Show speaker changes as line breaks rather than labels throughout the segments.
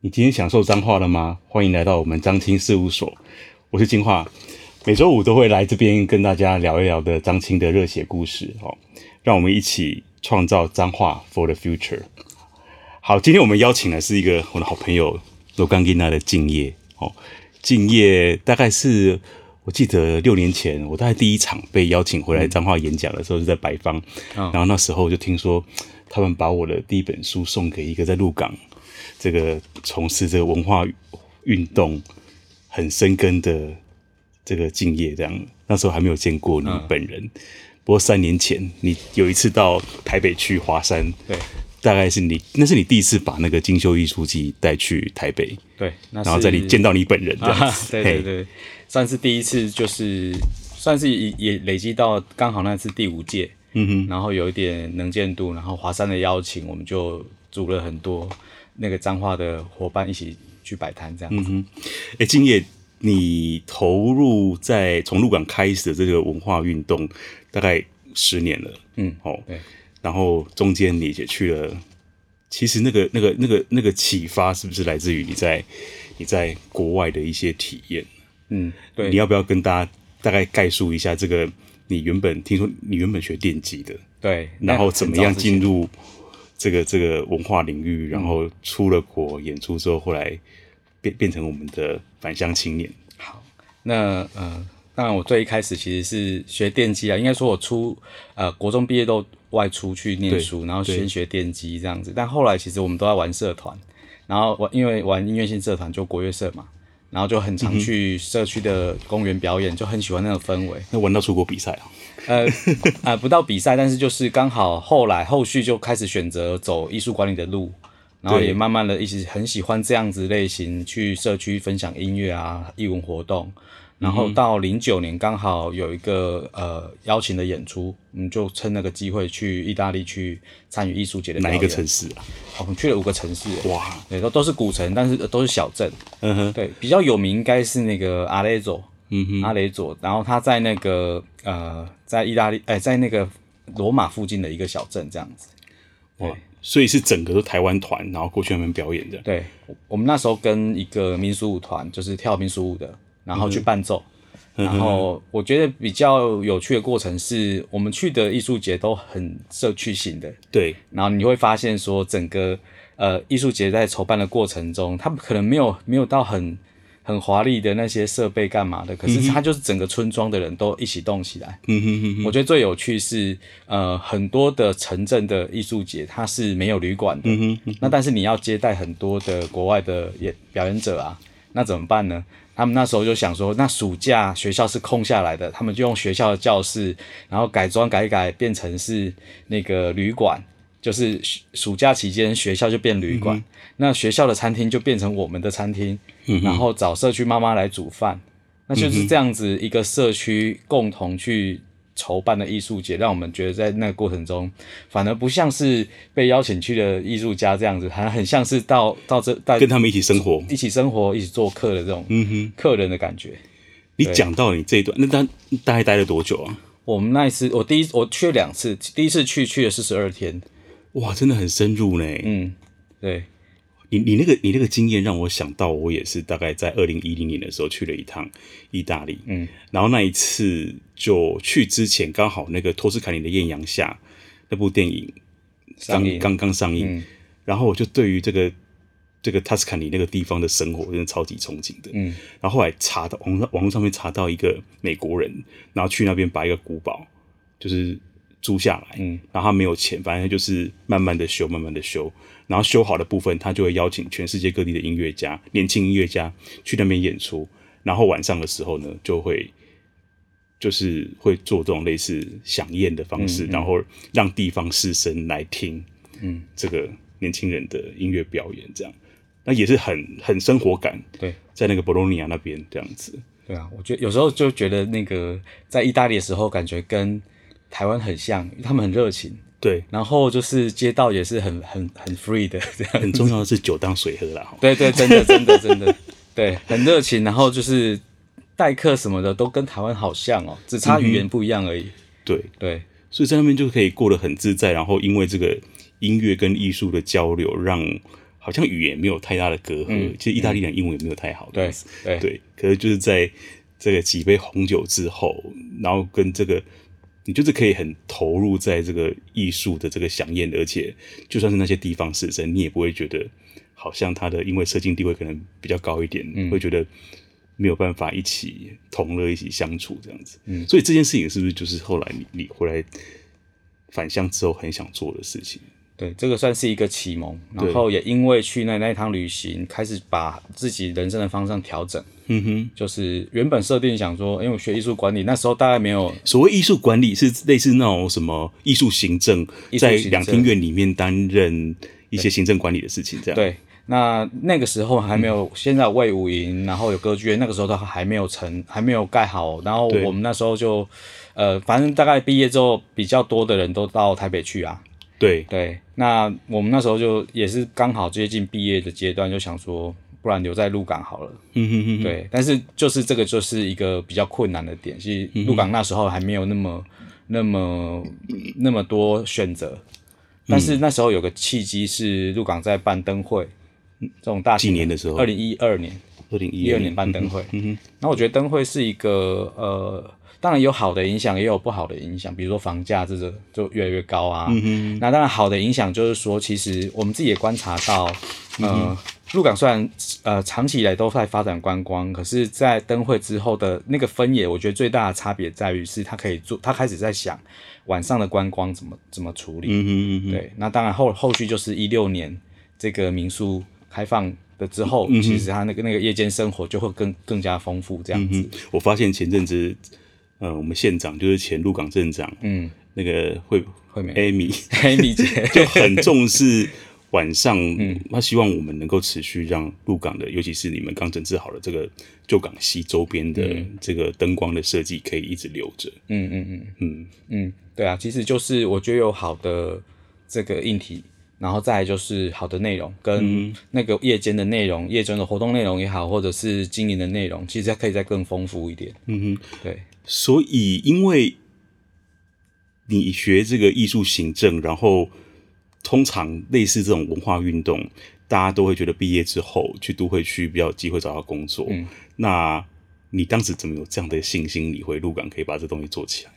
你今天享受彰化了嗎？歡迎來到我們彰青事務所，我是金華，每周五都會來這邊跟大家聊一聊的彰青的熱血故事哦，讓我們一起創造彰化 for the future。好，今天我們邀請的是一個我的好朋友鹿港囝仔的敬業哦，敬業大概是我記得六年前，我大概第一場被邀請回來彰化演講的時候是在白方、哦，然後那時候就聽說他們把我的第一本書送給一個在鹿港，這個從事這個文化運動很深耕的這個敬業，這樣那時候還沒有見過你本人、啊。不過三年前，你有一次到台北去華山，對，大概是你那是你第一次把那個今秋藝術節帶去台北，對，那是然後在裡見到你本人這樣、啊，對對
對，算是第一次，就是算是也累積到剛好那次第五屆，嗯哼，然後有一點能見度，然後華山的邀請，我們就組了很多。那個彰化的夥伴一起去擺攤，這樣子。嗯哼，
哎、欸，敬業，你投入在從鹿港開始的這個文化運動，大概十年了。嗯，好、哦，然後中間你也去了，其實那個、那個、那個、那個啟發，是不是來自於你在你在國外的一些體驗？嗯，對。你要不要跟大家大概概述一下這個？你原本聽說你原本學電機的，對，然後怎麼樣進入、欸？這個這個文化領域，然後出了國演出之後，後來變變成我們的返鄉青年。好，
那呃，那我最一開始其實是學電機啊，應該說我出呃，國中畢業都外出去念書，然後先學電機這樣子，但後來其實我們都在玩社團，然後玩因為玩音樂性社團就國樂社嘛。然後就很常去社區的公園表演，嗯，就很喜歡那種氛圍。那玩到出國比賽啊？ 呃、呃，不到比賽，但是就是剛好後來後續就開始選擇走藝術管理的路，然後也慢慢的一起很喜歡這樣子類型，去社區分享音樂啊，藝文活動。然後到零九年剛好有一個、嗯、呃邀請的演出，我、嗯、們就趁那個機會去意大利，去參與藝術節的表演。哪一個城市啊？我、哦、們去了五個城市。哇！對，都都是古城，但是都是小鎮。嗯哼。對，比較有名應該是那個阿雷佐。嗯哼。阿雷佐，然後他在那個呃，在意大利，哎，在那個羅馬附近的一個小鎮這樣子。對
哇！所以是整個都台灣團，然後過去那邊表
演的。對，我們那時候跟一個民俗舞團，就是跳民俗舞的。然後去伴奏，
嗯，然後
我覺得比較有趣的過程是我們去的藝術節都很社區型的，對。然後你會發現說，整個呃藝術節在籌辦的過程中，他可能沒有沒有到很很華麗的那些設備幹嘛的，可是它就是整個村莊的人都一起動起來。嗯嗯嗯，我覺得最有趣是呃很多的城鎮的藝術節它是沒有旅館的，嗯嗯，那但是你要接待很多的國外的演表演者啊，那怎麼辦呢？他們那時候就想說，那暑假學校是空下來的，他們就用學校的教室，然後改裝改改，變成是那個旅館，就是暑假期間學校就變旅館、嗯，那學校的餐廳就變成我們的餐廳、嗯，然後找社區媽媽來煮飯，那就是這樣子一個社區共同去。籌辦的藝術節，讓我們覺得在那個過程中，反而不像是被邀請去的藝術家這樣子，還很像是到到這跟他們一起生活、一起生活、一起做客的這種，嗯哼，客人的感覺。嗯，你講
到你這一段，那大待大概待了多久啊？我們那一次，我第一我去了兩次，第一次去去了四十二天，哇，真的很深入耶。嗯，對。你你那個你那個經驗讓我想到，我也是大概在二零一零年的時候去了一趟意大利，嗯，然後那一次就去之前剛好那個托斯卡尼的豔陽下那部電影上映剛剛上映，嗯、然後我就對於這個這個托斯卡尼那個地方的生活真的超級憧憬的，嗯，然後後來查到網網上面查到一個美國人，然後去那邊把一個古堡就是租下來，嗯，然後他沒有錢，反正就是慢慢的修，慢慢的修。然後修好的部分，他就會邀請全世界各地的音樂家、年輕音樂家去那邊演出。然後晚上的時候呢，就會就是會做這種類似饗宴的方式，嗯嗯，然後讓地方士紳來聽，嗯，這個年輕人的音樂表演，這樣，那也是很很生活感。對，在那個博洛尼亞那邊這樣子。對啊，我覺得有時
候就覺得那個在意大利的時候，感覺跟台灣很像，他們很熱情。對，然後就是街道也是很很很 free 的這樣，很重要的是酒當
水喝啦。 對，對對，真的真的真的，真的
對，很熱情，然後就是待客什麼的都跟台灣好像哦、喔，只差語言不一樣而已。嗯、
對對，所以在那邊就可以過得很自在。然後因為這個音樂跟藝術的交流，讓好像語言沒有太大的隔閡、嗯。其實意大利人、嗯、英文也沒有太好，對對，對，可是就是在這個幾杯紅酒之後，然後跟這個。你就是可以很投入在這個藝術的這個饗宴，而且就算是那些地方士紳，你也不會覺得好像他的因為社經地位可能比較高一點、嗯，會覺得沒有辦法一起同樂、一起相處這樣子、嗯。所以這件事情是不是就是後來你你回來返鄉之後很想做的事情？對，
這個算是一個啟蒙，然後
也因為去那
那一趟旅行，開始把自己人生的方向調整。嗯哼，就是原本設定
想說，因為我學藝術管理，那時候大概沒有所謂藝術管理，是類似那種什麼藝術行政，行政在兩廳院裡面擔任一些行政管理的事情，這樣。對，
那那個時候還沒有，嗯、現在有衛武營，然後有歌劇院，那個時候都還沒有成，還沒有蓋好，然後我們那時候就，呃，反正大概畢業之後比較多的人都到台北去啊。
對對，
那我們那時候就也是剛好接近畢業的階段，就想說不然留在鹿港好了。嗯哼哼。對，但是就是這個就是一個比較困難的點，是鹿港那時候還沒有那麼那麼那麼多選擇。但是那時候有個契機是鹿港在辦燈會。嗯，這種大型幾年的時候？二零一二年，二零一二年辦燈會。嗯哼。那、嗯、我覺得燈會是一個呃。當然有好的影響，也有不好的影響，比如說房價這個就越來越高啊。嗯、那當然好的影響就是說，其實我們自己也觀察到，嗯、呃，鹿港雖然呃長期以來都在發展觀光，可是在燈會之後的那個分野，我覺得最大的差別在於是他可以做，他開始在想晚上的觀光怎麼怎麼處理。嗯哼嗯哼，對，那當然後後續就是一六年這個民宿
開放的
之後，嗯、其實它那個那個夜
間生活就會更更加豐富這樣子。嗯、我發現前陣子。呃，我們縣長就是前鹿港鎮長，嗯，那個會會沒 Amy Amy 姐 就很重視晚上，嗯，嗯，他希望我們能夠持續讓鹿港的，尤其是你們剛整治好了這個舊港西周邊的這個燈光的設計，可以一直留着。嗯嗯嗯嗯嗯，對啊，其實就是我
覺得有好的這個硬體，然後再來就是好的內容，跟那個夜間的內容、夜間的活動內容也好，或者是經營的內容，其實還可以再更豐富一點。
嗯哼，對。所以，因為你學這個藝術行政，然後通常類似這種文化運動，大家都會覺得畢業之後去都會去比較有機會找到工作。嗯，那你當時怎麼有這樣的信心，你回鹿港可以把這東西做起來？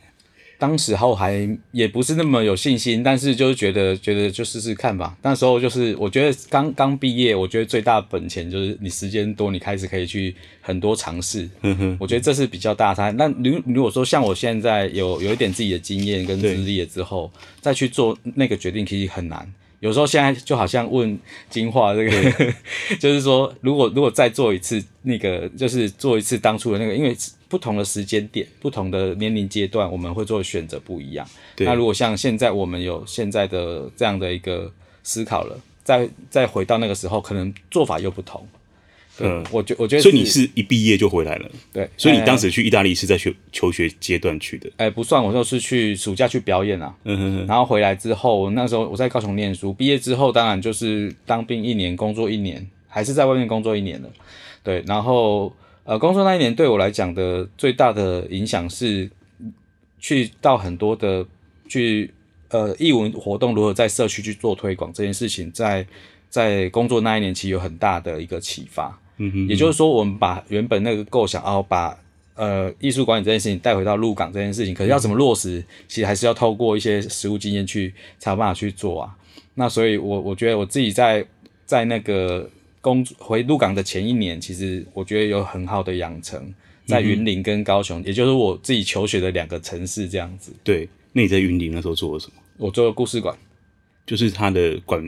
當時候還也不是那麼
有信心，但是就是覺得覺得就試試看吧。那時候就是我覺得剛剛畢業，我覺得最大本錢就是你時間多，你開始可以去很多嘗試。 我覺得這是比較大的差。那如如果說像我現在有有一點自己的經驗跟資歷之後，再去做那個決定，其實很難。有時候現在就好像問金話這個，就是說，如果如果再做一次那個，就是做一次當初的那個，因為不同的時間點、不同的年齡階段，我們會做的選擇不一樣。那如果像現在我們有現在的這樣的一個思考了，再再回到那個時候，可能做法又不同。嗯，我覺我覺得、嗯，所以你是
一畢業就回來了？對，所以你當時去意大利是在學、欸、求學階段去的？哎、
欸，不算，我就是去暑假去表演啊，嗯、哼哼然後回來之後，那時候我在高雄念書，畢業之後當然就是當兵一年，工作一年，還是在外面工作一年了，對，然後呃，工作那一年對我來講的最大的影響是去到很多的去呃藝文活動，如何在社區去做推廣這件事情在，在在工作那一年其實有很大的一個啟發。也就是說，我們把原本那個構想，要把呃藝術管理這件事情帶回到鹿港這件事情，可是要怎麼落實？其實還是要透過一些實務經驗去才有辦法去做啊。那所以我，我我覺得我自己在在那個工回鹿港的前一年，其實我覺得有很好的養成，在雲林跟
高雄嗯嗯，也就是我自己求學的兩個城市這樣子。對，那你在雲林那時候做了什麼？我做了故事館，就是他的館。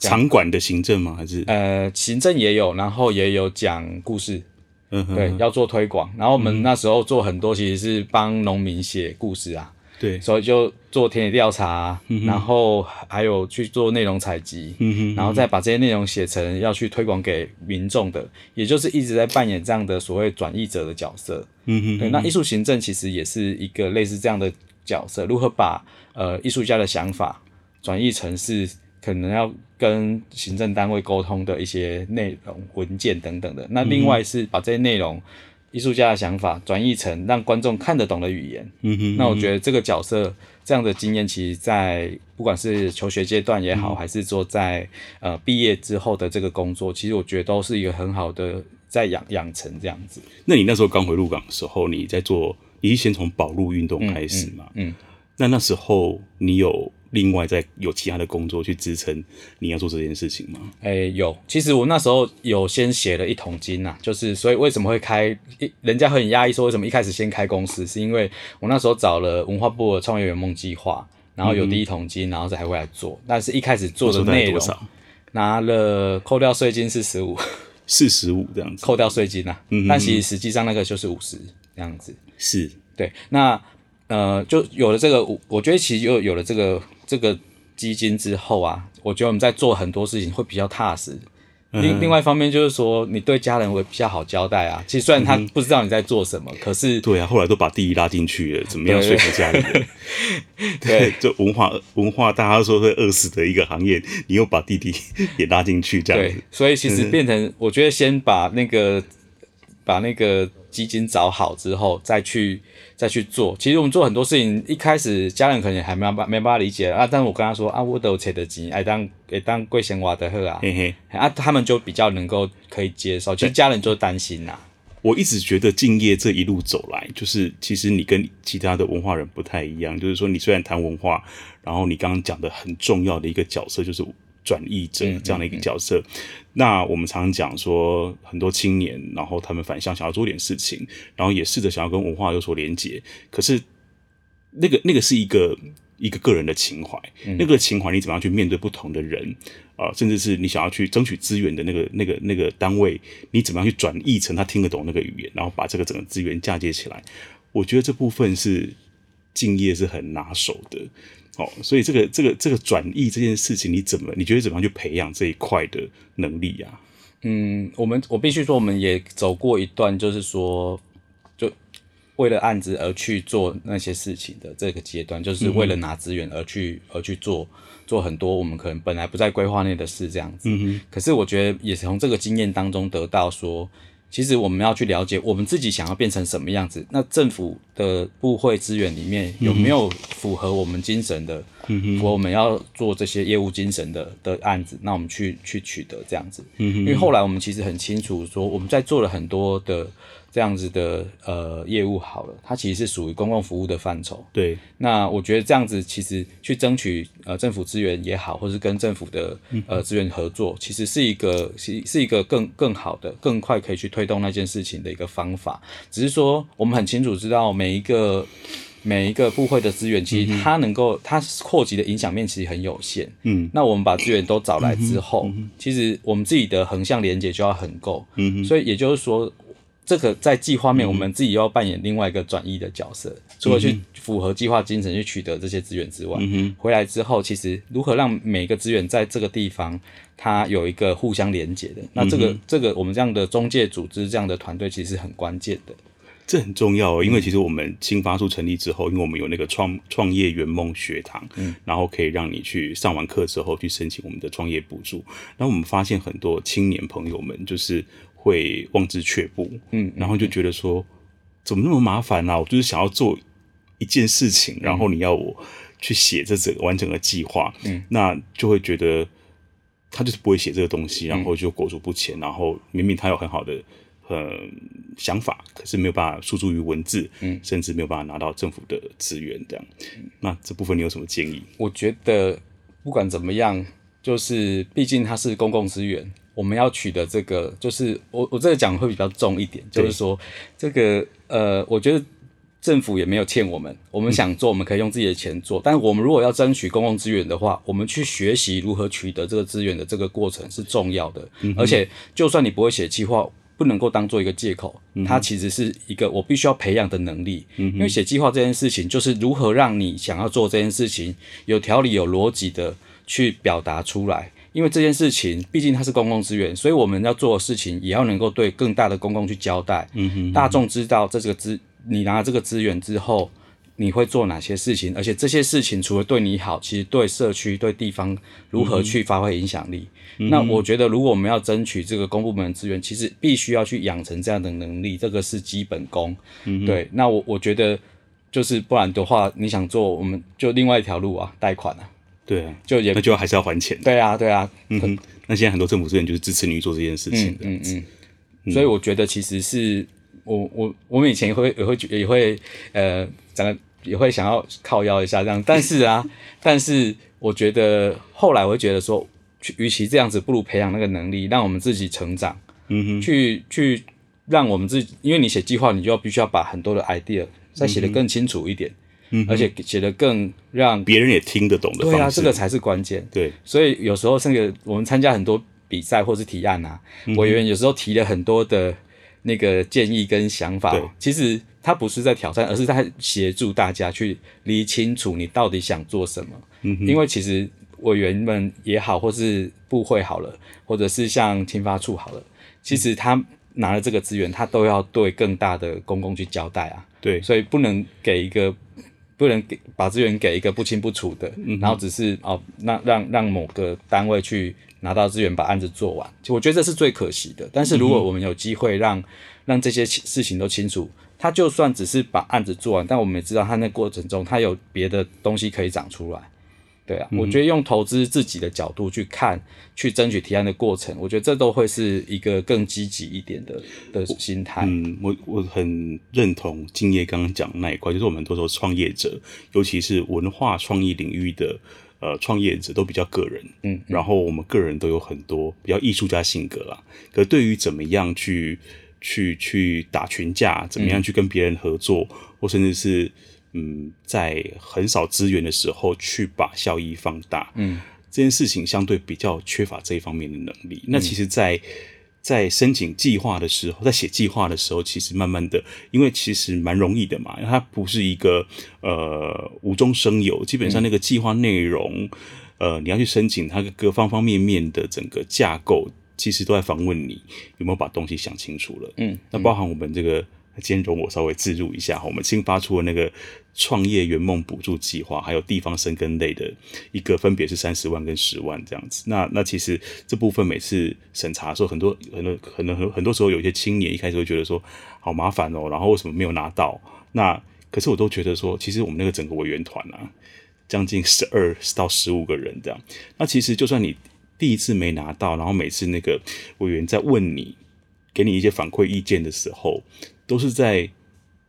場館的行政嗎？還
是呃，行政也有，然後也有講故事、嗯哼哼，對，要做推廣。然後我們那時候做很多，其實是幫農民寫故事啊，對、嗯，所以就做田野調查、嗯，然後還有去做內容採集、嗯哼哼，然後再把這些內容寫成要去推廣給民眾的，也就是一直在扮演這樣的所謂轉譯者的角色，嗯、
哼哼對。那藝術
行政其實也是一個類似這樣的角色，如何把呃藝術家的想法轉譯成是。可能要跟行政單位溝通的一些內容、文件等等的。那另外是把這些內容、藝、嗯、術家的想法，轉譯成讓觀眾看得懂的語言。嗯哼，嗯哼。那我覺得這個角色這樣的經驗，其實在不管是求學階段也好，嗯、還是說在呃畢業之後的這
個工作，其實我覺得都是一個很好的在養養成這樣子。那你那時候剛回鹿港的時候，你在做，你是先從保鹿運動開始嗎？嗯，嗯，嗯。那那時候你有。另外，再有其他的工作去支撐你要做這件事情嗎？哎、欸，有。其實我那時候有先寫了一桶金吶、啊，就是所以為什麼會開，人家很
壓抑，說為什麼一開始先開公司，是因為我那時候找了文化部的創業圓夢計劃，然後有第一桶金，嗯、然後才會來做。但是一開始做的內容那多少，拿了扣掉稅金是十五，四十五這樣子，扣掉稅金吶、啊嗯。但其實實際上那個就是五十這樣子。是，對。那呃，就有了這個，我我覺得其實又有了這個這個基金之後啊，我覺得我們在做很多事情會比較踏實。另另外一方面就是說，你對家人會比較好交代啊。其實雖然他不知道你在做什
麼，嗯、可是對啊，後來都把弟弟拉進去了，怎麼樣說服家人？對，對，對， 對，就文化文化大家說會餓死的一個行業，你又把弟弟也拉進去這樣子，對。
所以其實變成、嗯、我覺得先把那個把那個基金找好之後再去。再去做，其實我們做很多事情，一開始家人可能還蠻沒沒辦法理解啊。但是我跟他說啊，我都切得緊，愛當愛當貴先娃的喝啊，啊，他們就比較能夠可以接受。其實家人就擔心吶、啊。
我一直覺得敬業這一路走來，就是其實你跟其他的文化人不太一樣，就是說你雖然談文化，然後你剛剛講的很重要的一個角色就是。轉譯者這樣的一個角色，嗯嗯嗯那我們常常講說，很多青年，然後他們返鄉想要做點事情，然後也試着想要跟文化有所連接。可是，那個那個是一個一個個人的情懷、嗯嗯，那個情懷你怎麼樣去面對不同的人啊、呃？甚至是你想要去爭取資源的那個那個那個單位，你怎麼樣去轉譯成他聽得懂那個語言，然後把這個整個資源嫁接起來？我覺得這部分是敬業是很拿手的。哦，所以這個這個這個轉譯這件事情，你怎麼你覺得怎麼樣去培養這一塊的能力啊？嗯，我們我必須說，我們也走過一段，就是說，
就為了案子而去做那些事情的這個階段，就是為了拿資源而去、嗯、而去做做很多我們可能本來不在規劃內的事這樣子、嗯。可是我覺得也是從這個經驗當中得到說。其實我們要去了解我們自己想要變成什麼樣子，那政府的部會資源裡面有沒有符合我們精神的？嗯、符合我們要做這些業務精神的的案子，那我們去去取得這樣子、嗯。因為後來我們其實很清楚說，我們在做了很多的。這樣子的呃業務好了，它其實是屬於公共服務的範疇。對。那我覺得這樣子其實去爭取呃政府資源也好，或是跟政府的呃資源合作，其實是一個是是一個更更好的、更快可以去推動那件事情的一個方法。只是說我們很清楚知道每一個每一個部會的資源，其實它能夠、嗯、它擴及的影響面其實很有限。嗯。那我們把資源都找來之後、嗯嗯，其實我們自己的橫向連接就要很夠。嗯。所以也就是說。這個在計劃面，我們自己要扮演另外一個轉移的角色，嗯，除了去符合計劃精神去取得這些資源之外，嗯哼，回來之後，其實如何讓每個資源在這個地方，它有一個互相
連接的，嗯，那這個，嗯、這個我們這樣的中介組織這樣的團隊其實是很關鍵的。這很重要哦，因為其實我們青發處成立之後，因為我們有那個創創業圓夢學堂，嗯，然後可以讓你去上完課之後去申請我們的創業補助，那我們發現很多青年朋友們就是。會望之卻步，嗯，然後就覺得說怎麼那麼麻煩呢？啊，我就是想要做一件事情，然後你要我去寫這整個完整的計劃，嗯，那就會覺得他就是不會寫這個東西，嗯、然後就裹足不前，然後明明他有很好的呃想法，可是沒有辦法訴諸於文字，嗯，甚至沒有辦法拿到政府的資源，這樣、嗯，那這部分你有什麼建議？我覺得不管怎麼樣，就是畢竟它是公共資源。
我們要取得這個，就是我我這個講會比較重一點，就是說這個呃，我覺得政府也沒有欠我們，我們想做，我們可以用自己的錢做。嗯、但是我們如果要爭取公共資源的話，我們去學習如何取得這個資源的這個過程是重要的。嗯、而且，就算你不會寫計劃，不能夠當做一個借口、嗯，它其實是一個我必須要培養的能力。嗯、因為寫計劃這件事情，就是如何讓你想要做這件事情有條理、有邏輯的去表達出來。因為這件事情，畢竟它是公共資源，所以我們要做的事情也要能夠對更大的公共去交代。嗯哼嗯哼。大眾知道這是個資，你拿了這個資源之後，你會做哪些事情？而且這些事情除了對你好，其實對社區、對地方如何去發揮影響力。嗯，那我覺得如果我們要爭取這個公部門的資源，其實必須要去養成這樣的能力，這個是基本功。嗯，對。那我我覺得就是不然的話，你想做，我們就另外一條路啊，
貸款啊。對啊，就也那就還是要還錢。對啊，對啊，嗯，那現在很多政府資源就是支持你做這件事情的，嗯嗯，嗯，嗯。所以我覺得其實是我我我們以前也
會也會也會呃，講的，也會想要靠腰一下這樣，但是啊， 但是我覺得後來我會覺得說，與其這樣子，不如培養那個能力，讓我們自己成長。嗯哼。去去讓我們自己，因為你寫計劃，你就要必須要把很多的 idea 再寫得更清楚一點。嗯而且寫得更讓別人也聽得懂的方式。對啊，這個才是關鍵。對，所以有時候甚至我們參加很多比賽或是提案啊、嗯，委員有時候提了很多的那個建議跟想法，其實他不是在挑戰，而是在協助大家去理清楚你到底想做什麼。嗯，因為其實委員們也好，或是部會好了，或者是像青發處好了、嗯，其實他拿了這個資源，他都要對更大的公共去交代啊。對，所以不能給一個。不能給把資源給一個不清不楚的。嗯嗯，然後只是哦，讓讓讓某個單位去拿到資源，把案子做完，我覺得這是最可惜的。但是如果我們有機會讓嗯嗯，讓，讓這些事情都清楚，他就算只是把案子做完，但我們也知道他那過程中他有別的東西可以長出來。對啊、嗯，我覺得用投資自己的角度去看，去爭取提案的過程，我覺得這
都會是一個更積極一點的的心態。嗯，我我很認同敬業剛剛講的那一塊，就是我們都說創業者，尤其是文化創意領域的呃創業者，都比較個人。嗯，然後我們個人都有很多比較藝術家性格啊，可對於怎麼樣去去去打群架，怎麼樣去跟別人合作，嗯、或甚至是。嗯，在很少資源的時候去把效益放大，嗯，這件事情相對比較缺乏這一方面的能力。嗯、那其實在，在在申請計劃的時候，在寫計劃的時候，其實慢慢的，因為其實蠻容易的嘛，因為它不是一個呃無中生有，基本上那個計劃內容，嗯、呃，你要去申請它各方方面面的整個架構，其實都在訪問你有沒有把東西想清楚了。嗯，那包含我們這個。嗯兼容，我稍微置入一下我們新發出的那個創業圓夢補助計劃，還有地方生根類的一個，分別是三十萬跟十萬這樣子。那那其實這部分每次審查的時候很，很多很多很多很多很多時候，有一些青年一開始會覺得說好麻煩哦，然後為什麼沒有拿到？那可是我都覺得說，其實我們那個整個委員團啊，將近十二到十五個人這樣。那其實就算你第一次沒拿到，然後每次那個委員在問你，給你一些反饋意見的時候。都是在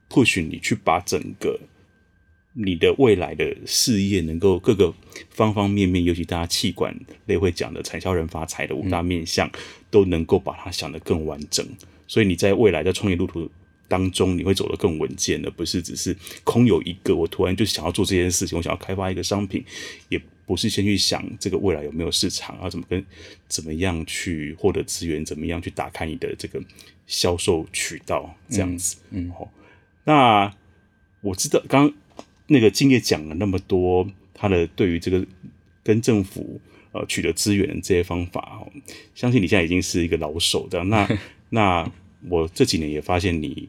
push 你去把整個你的未來的事業能夠各個方方面面，尤其大家氣管類會講的產銷人發財的五大面向，都能夠把它想得更完整。所以你在未來在創業路途當中，你會走得更穩健的，不是只是空有一個。我突然就想要做這件事情，我想要開發一個商品，也不是先去想這個未來有沒有市場啊，怎麼跟怎麼樣去獲得資源，怎麼樣去打開你的這個。銷售渠道這樣子，嗯，嗯，那我知道。剛那個敬業講了那麼多，他的對於這個跟政府呃取得資源這些方法，相信你現在已經是一個老手這樣。那那我這幾年也發現你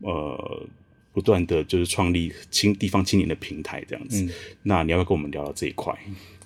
呃，不斷的就是創立青地方青年的平台這樣子，嗯。那你要不要跟我們聊聊這一塊？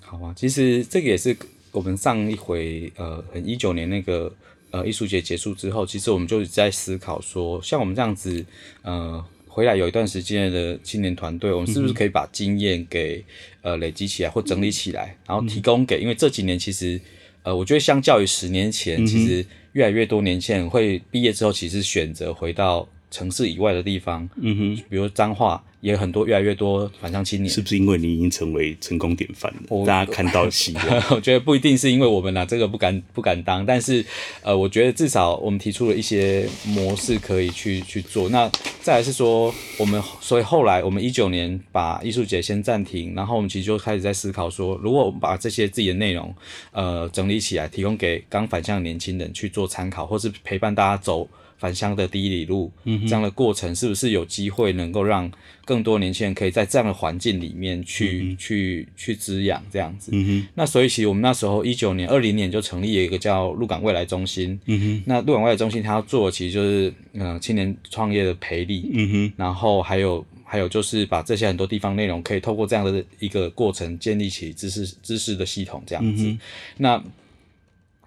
好啊，其實這個也是我們上一回呃，很一九年那
個。呃，藝術節結束之後，其實我們就一直在思考說，像我們這樣子，呃，回來有一段時間的青年團隊，嗯、我們是不是可以把經驗給呃累積起來或整理起來，然後提供給、嗯？因為這幾年其實，呃，我覺得相較於十年前，嗯、其實越來越多年輕人會畢業之後，其實選擇回到城市以外的地方，嗯哼，比如說彰化。也很多，越來越多
返鄉青年，是不是因為你已經成為成功
典範、oh, 大家看到起， 我覺得不一定是因為我們啦、啊，這個不敢不敢當。但是，呃，我覺得至少我們提出了一些模式可以去去做。那再來是說，我們所以後來我們一九年把藝術節先暫停，然後我們其實就開始在思考說，如果我們把這些自己的內容，呃，整理起來提供給剛返鄉的年輕人去做參考，或是陪伴大家走。返鄉的第一里路，嗯，這樣的過程是不是有機會能夠讓更多年輕人可以在這樣的環境裡面去、嗯、去去滋養這樣子、嗯哼。那所以其實我們那時候一九年、二零年就成立了一個叫鹿港未來中心。嗯哼，那鹿港未來中心它要做的其實就是嗯、呃、青年創業的培力，嗯哼，然後還有還有就是把這些很多地方內容可以透過這樣的一個過程建立起知識知識的系統這樣子。嗯、那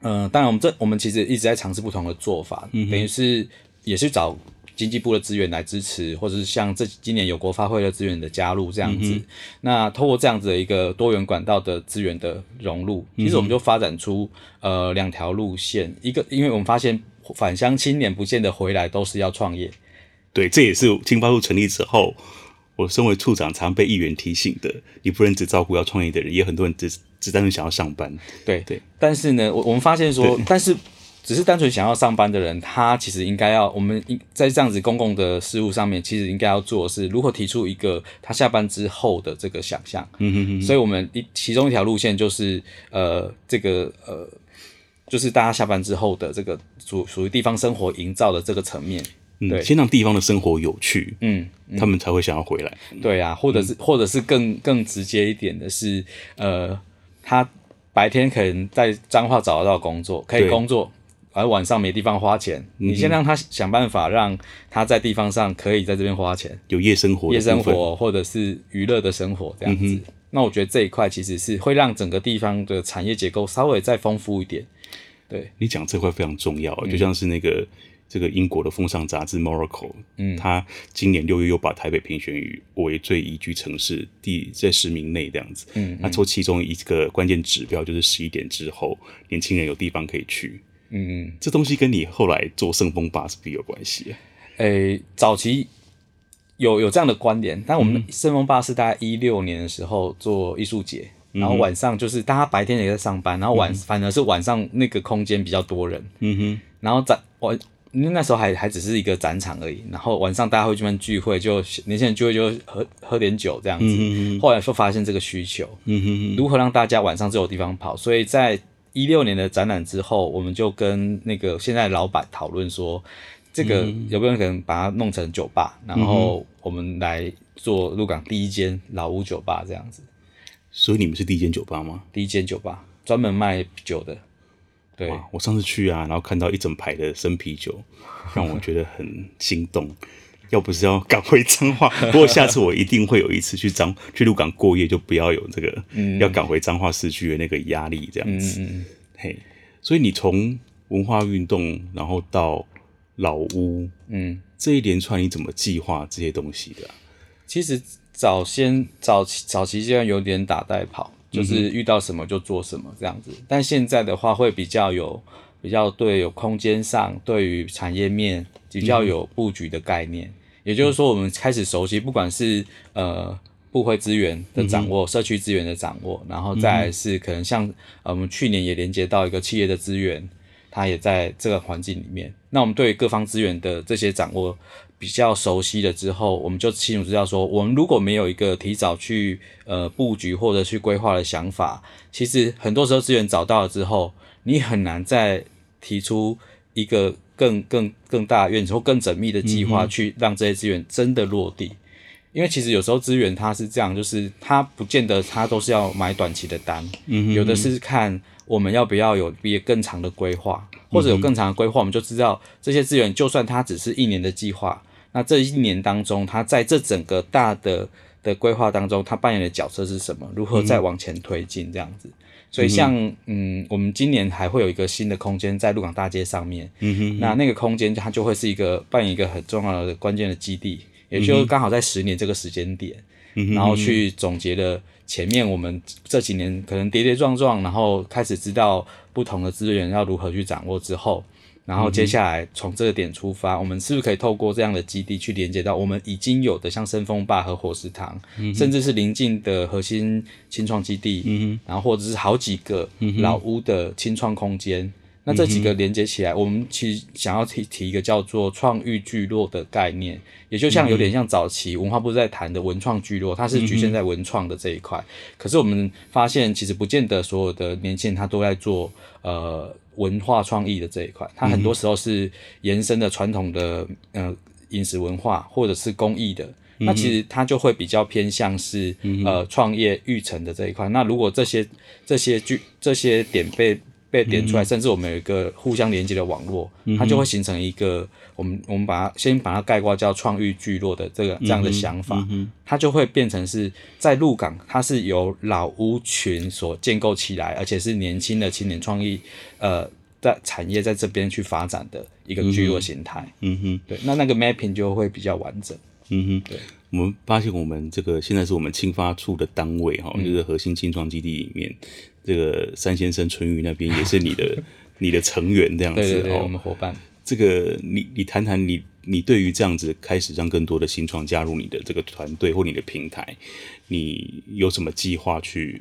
嗯、呃，當然，我們這我們其實一直在嘗試不同的做法，嗯、等於是也是找經濟部的資源來支持，或者是像這今年有國發會的資源的加入這樣子、嗯。那透過這樣子的一個多元管道的資源的融入，其實我們就發展出呃兩條路線，嗯、一個因為我們發現返鄉青年不見得回來都是要創業，
對，這也是青發處成立之後。我身為處長，常被議員提醒的，你不能只照顧要創業的人，也很多人只只單純想要上班。對對，
但是呢，我我們發現說，但是只是單純想要上班的人，他其實應該要，我們在這樣子公共的事務上面，其實應該要做的是如何提出一個他下班之後的這個想象。嗯嗯嗯。所以我們一其中一條路線就是，呃，這個呃，就是大家下班之後的這個屬屬於地方生活營造的這個層面。嗯，先
讓地方的生活有趣，嗯，嗯，他們才會想要回來。嗯、
對啊，或者是，嗯、或者是更更直接一點的是，呃，他白天可能在彰化找得到工作，可以工作，而晚上沒地方花錢。嗯、你先讓他想辦法，讓他在地方上可以在這邊花錢，
有夜生活的、夜生活
或者是娛樂的生活這樣子。嗯、那我覺得這一塊其實是會讓整個地方的產業結構稍微再豐富一點。對，
你講這塊非常重要、嗯，就像是那個。這個英國的風尚雜誌《Monocle》，嗯，它今年六月又把台北評選於為最宜居城市第在十名內這樣子，嗯，嗯他做其中一個關鍵指標就是十一點之後年輕人有地方可以去，嗯嗯，這東西跟你後來做聖豐巴士有關係，誒、欸，早期
有有這樣的關聯，但我們的聖豐巴士大概一六年的時候做藝術節，然後晚上就是大家白天也在上班，然後晚、嗯、反而是晚上那個空間比較多人，嗯哼、嗯嗯，然後在我。因為那時候還還只是一個展場而已，然後晚上大家會這邊聚會，就年輕人聚會就喝喝點酒這樣子嗯嗯。後來就發現這個需求，嗯哼嗯，如何讓大家晚上這有地方跑。所以在一六年的展覽之後，我們就跟那個現在老闆討論說，這個有沒有可能把它弄成酒吧，嗯、然後我們來做鹿港第一間老屋酒吧這樣子。所以你
們是第一間酒吧嗎？第一間酒吧專門賣酒的。對，我上次去啊，然後看到一整排的生啤酒，讓我覺得很心動。 要不是要趕回彰化，不過下次我一定會有一次去彰、 去鹿港過夜，就不要有這個、嗯、要趕回彰化市區的那個壓力，這樣子。嘿、嗯嗯，hey, 所以你從文化運動，然後到老屋，嗯，這一連串你怎麼計劃這些東西的、啊？其實早先早，早期早期階段有點打帶跑。
就是遇到什麼就做什麼這樣子、嗯，但現在的話會比較有，比較對有空間上對於產業面比較有布局的概念，嗯、也就是說我們開始熟悉，不管是呃，部會資源的掌握，嗯、社區資源的掌握，然後再來是可能像、呃、我們去年也連接到一個企業的資源，它也在這個環境裡面，那我們對各方資源的這些掌握。比較熟悉了之後，我們就清楚知道說，我們如果沒有一個提早去呃佈局或者去規劃的想法，其實很多時候資源找到了之後，你很難再提出一個更更更大願景或更縝密的計劃去讓這些資源真的落地。嗯嗯。因為其實有時候資源它是這樣，就是它不見得它都是要買短期的單，嗯嗯嗯，有的是看我們要不要有比更長的規劃，或者有更長的規劃，我們就知道這些資源就算它只是一年的計劃。那這一年當中，他在這整個大的的規劃當中，他扮演的角色是什麼？如何再往前推進這樣子？嗯、所以像嗯，我們今年還會有一個新的空間在鹿港大街上面，嗯
哼，嗯哼，
那那個空間它就會是一個扮演一個很重要的關鍵的基地，嗯、也就剛好在十年這個時間點，嗯哼嗯哼，然後去總結了前面我們這幾年可能跌跌撞撞，然後開始知道不同的資源要如何去掌握之後。然後接下來從這個點出發、嗯，我們是不是可以透過這樣的基地去連接到我們已經有的像勝豐吧和禾火食堂、嗯，甚至是臨近的核心青創基地、嗯，然後或者是好幾個老屋的青創空間？嗯那這幾個連接起來、嗯，我們其實想要提提一個叫做“創意聚落”的概念，也就像有點像早期文化部在談的文創聚落，它是局限在文創的這一塊、嗯。可是我們發現，其實不見得所有的年輕人他都在做呃文化創意的這一塊，他很多時候是延伸的傳統的呃飲食文化或者是工藝的、嗯。那其實它就會比較偏向是呃創業育成的這一塊、嗯。那如果這些這些聚這些點被可以點出來、嗯，甚至我們有一個互相連接的網絡，嗯、它就會形成一個我們我們把它先把它概括叫創意聚落的這個這樣的想法、嗯，它就會變成是在鹿港，它是由老屋群所建構起來，而且是年輕的青年創意呃在產業在這
邊去發展的一個聚落形態。嗯哼，對，那那個 mapping 就會比較完整。嗯哼，對，我們發現我們這個現在是我們青發處的單位哈，就是核心青創基地裡面。嗯這個三先生淳於那邊也是你的 你的成員這樣子？對對對、哦、我們夥伴。這個你你談談你你對於這樣子開始讓更多的新創加入你的這個團隊或你的平台，你有什麼計劃去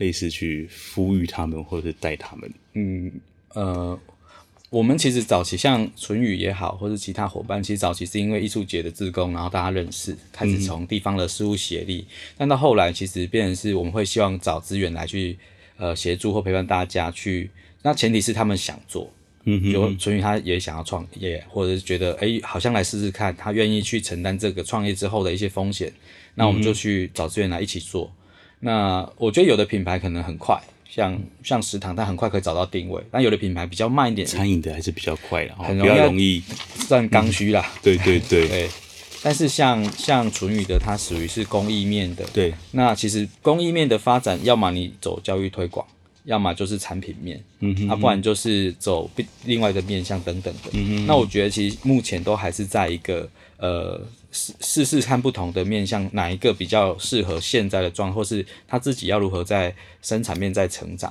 類似去呼籲他們或者是帶他們？嗯呃，
我們其實早期像淳於也好或者其他夥伴，其實早期是因為藝術節的志工，然後大家認識，開始從地方的事務協力、嗯，但到後來其實變成是我們會希望找資源來去。呃，協助或陪伴大家去，那前提是他們想做。嗯哼，所以他也想要創業，或者是覺得哎、欸，好像來試試看，他願意去承擔這個創業之後的一些風險，那我們就去找資源來一起做、嗯。那我覺得有的品牌可能很快，像像食堂，它很快可以找到定位；但有的品牌比較慢一點，餐飲的
還是比較快的，很容易算剛需啦、嗯。對對對，對。 對
但是像像純羽的，它屬於是工藝面的。對。那其實工藝面的發展，要麼你走教育推廣，要麼就是產品面，嗯哼嗯。啊、不然就是走另外一個面向等等的。嗯哼嗯。那我覺得其實目前都還是在一個呃試試試看不同的面向，哪一個比較適合現在的狀況，或是他自己要如何在生產面再成長。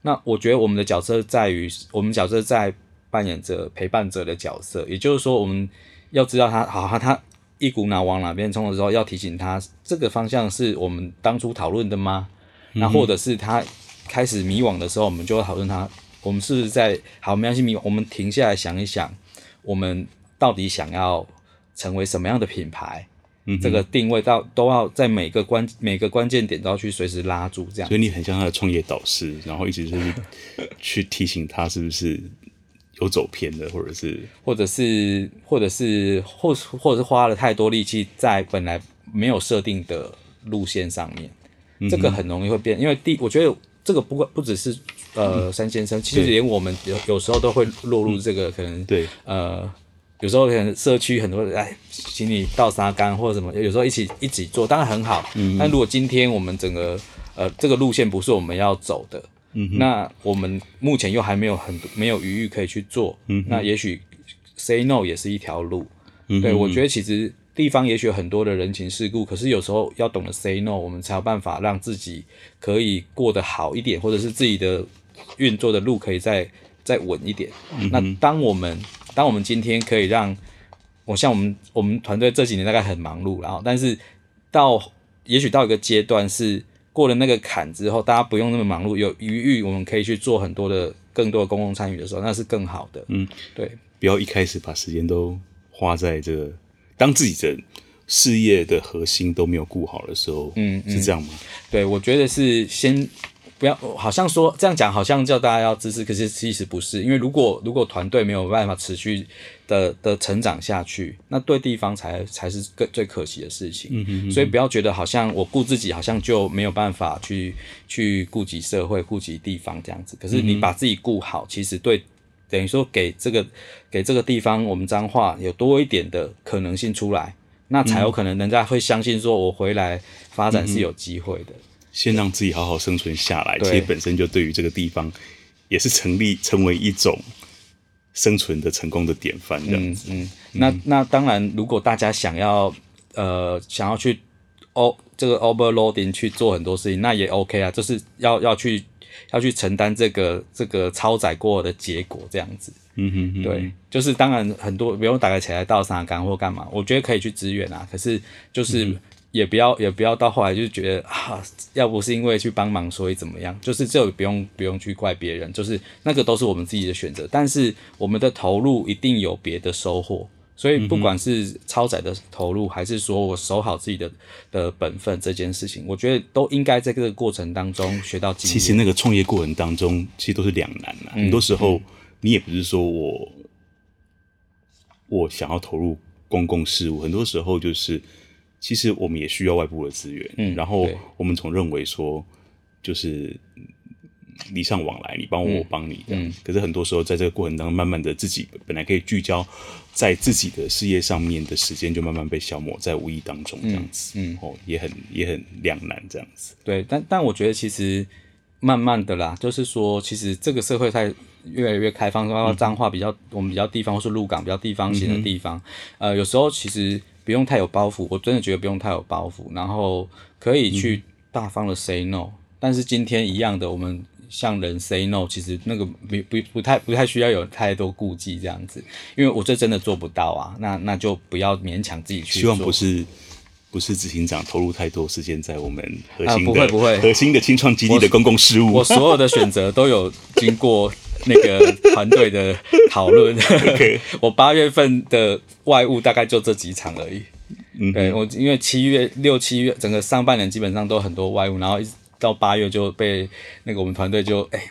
那我覺得我們的角色在於，我們角色在扮演着陪伴者的角色，也就是說，我們要知道他，好，他。一股腦往哪邊衝的時候，要提醒他這個方向是我們當初討論的嗎？
那、嗯、或者
是他開始迷惘的時候，我們就會討論他，我們是不是在好，沒關係迷惘，我們停下來想一想，我們到底想要成為什麼樣的品牌？嗯，這個定位到都要在每個關每個關鍵點都要去隨時拉住，這樣。所以你
很像他的創業導師，然後一直是去提醒他，是不是？ 都走偏的，或者是、
或者是、或者是、或者或者是花了太多力氣在本來沒有設定的路線上面，嗯，這個很容易會變。因為第，我覺得這個不不只是呃、嗯、三先生，其實連我們有有時候都會落入這個、嗯、可能。對。呃，有時候可能社區很多人哎，請你倒沙岡或者什麼，有時候一起一起做，當然很好。嗯。但如果今天我們整個呃這個路線不是我們要走的。嗯、哼，那我們目前又還沒有很沒有餘裕可以去做，嗯、那也許 say no 也是一條路。嗯、對，我覺得其實地方也許有很多的人情世故，可是有時候要懂得 say no，我們才有辦法讓自己可以過得好一點，或者是自己的運作的路可以再再穩一點、嗯。那當我們當我們今天可以讓，我像我們我們團隊這幾年大概很忙碌，然後但是到也許到一個階段是。過了那個坎之後，大家不用那麼忙碌，有餘裕，我們可以去做很多的、更多的公共參與的時候，那是更好的。
嗯，對，不要一開始把時間都花在這個當自己的事業的核心都沒有顧好的時候，嗯，嗯，是這樣嗎？對，我覺得是先。
不要，好像說這樣講，好像叫大家要支持，可是其實不是，因為如果如果團隊沒有辦法持續的的成長下去，那對地方才才是個最可惜的事情。嗯哼嗯哼。所以不要覺得好像我顧自己，好像就沒有辦法去去顧及社會、顧及地方這樣子。可是你把自己顧好、嗯，其實對等於說給這個給這個地方，我們彰化有多一點的可能性出來，那才有可能人家會相信說，我回來發展是有機會的。嗯
先讓自己好好生存下來，其實本身就對於這個地方，也是成立成為一種生存的成功的典範的、嗯。嗯，那嗯那，那當然，如果大家想要
呃想要去哦，這個 overloading 去做很多事情，那也 OK 啊，就是要要去要去承擔這個這個超載過的結果這樣子。嗯
哼嗯
哼，對，就是當然很多，比如打開起來倒沙缸，或幹嘛，我覺得可以去支援啊，可是就是。嗯也不要，也不要到後來就覺得啊，要不是因為去幫忙，所以怎麼樣？就是這也不用，不用去怪別人，就是那個都是我們自己的選擇。但是我們的投入一定有別的收穫，所以不管是超載的投入，還是說我守好自己的的本分這件事情，我覺得都應該在這個過程當中學到經驗。其實那個
創業過程當中，其實都是兩難啦、嗯、很多時候、嗯、你也不是說我我想要投入公共事務，很多時候就是。其實我們也需要外部的資源，嗯，然後我們總認為說，就是禮尚往來、嗯，你幫我，嗯、我幫你這樣、嗯。可是很多時候，在這個過程當中，慢慢的，自己本來可以聚焦在自己的事業上面的時間，就慢慢被消磨在無意當中，這樣子，嗯，哦、嗯，也很也很兩難這樣子。對，但但我覺得其實
慢慢的啦，就是說，其實這個社會在越來越開放，然後彰化比較，我們比較地方、嗯、或是鹿港比較地方型的地方，嗯嗯、呃，有時候其實。不用太有包袱，我真的覺得不用太有包袱，然後可以去大方的 say no。嗯。但是今天一樣的，我們向人 say no，其實那個不不不太不太需要有太多顧忌這樣子，因為我這真的做不到啊，那那就不要勉強自己去做。希望不是。
不是執行長投入太多時間在我們核心的，核心的青創基地的公共事務？啊不會不會我我。我所有的選擇都有經過那個團隊的討論。
Okay . 我八月份的外務大概就這幾場而已。嗯、對我因為七月六七月整個上半年基本上都很多外務，然後一直到八月就被那個我們團隊就哎。欸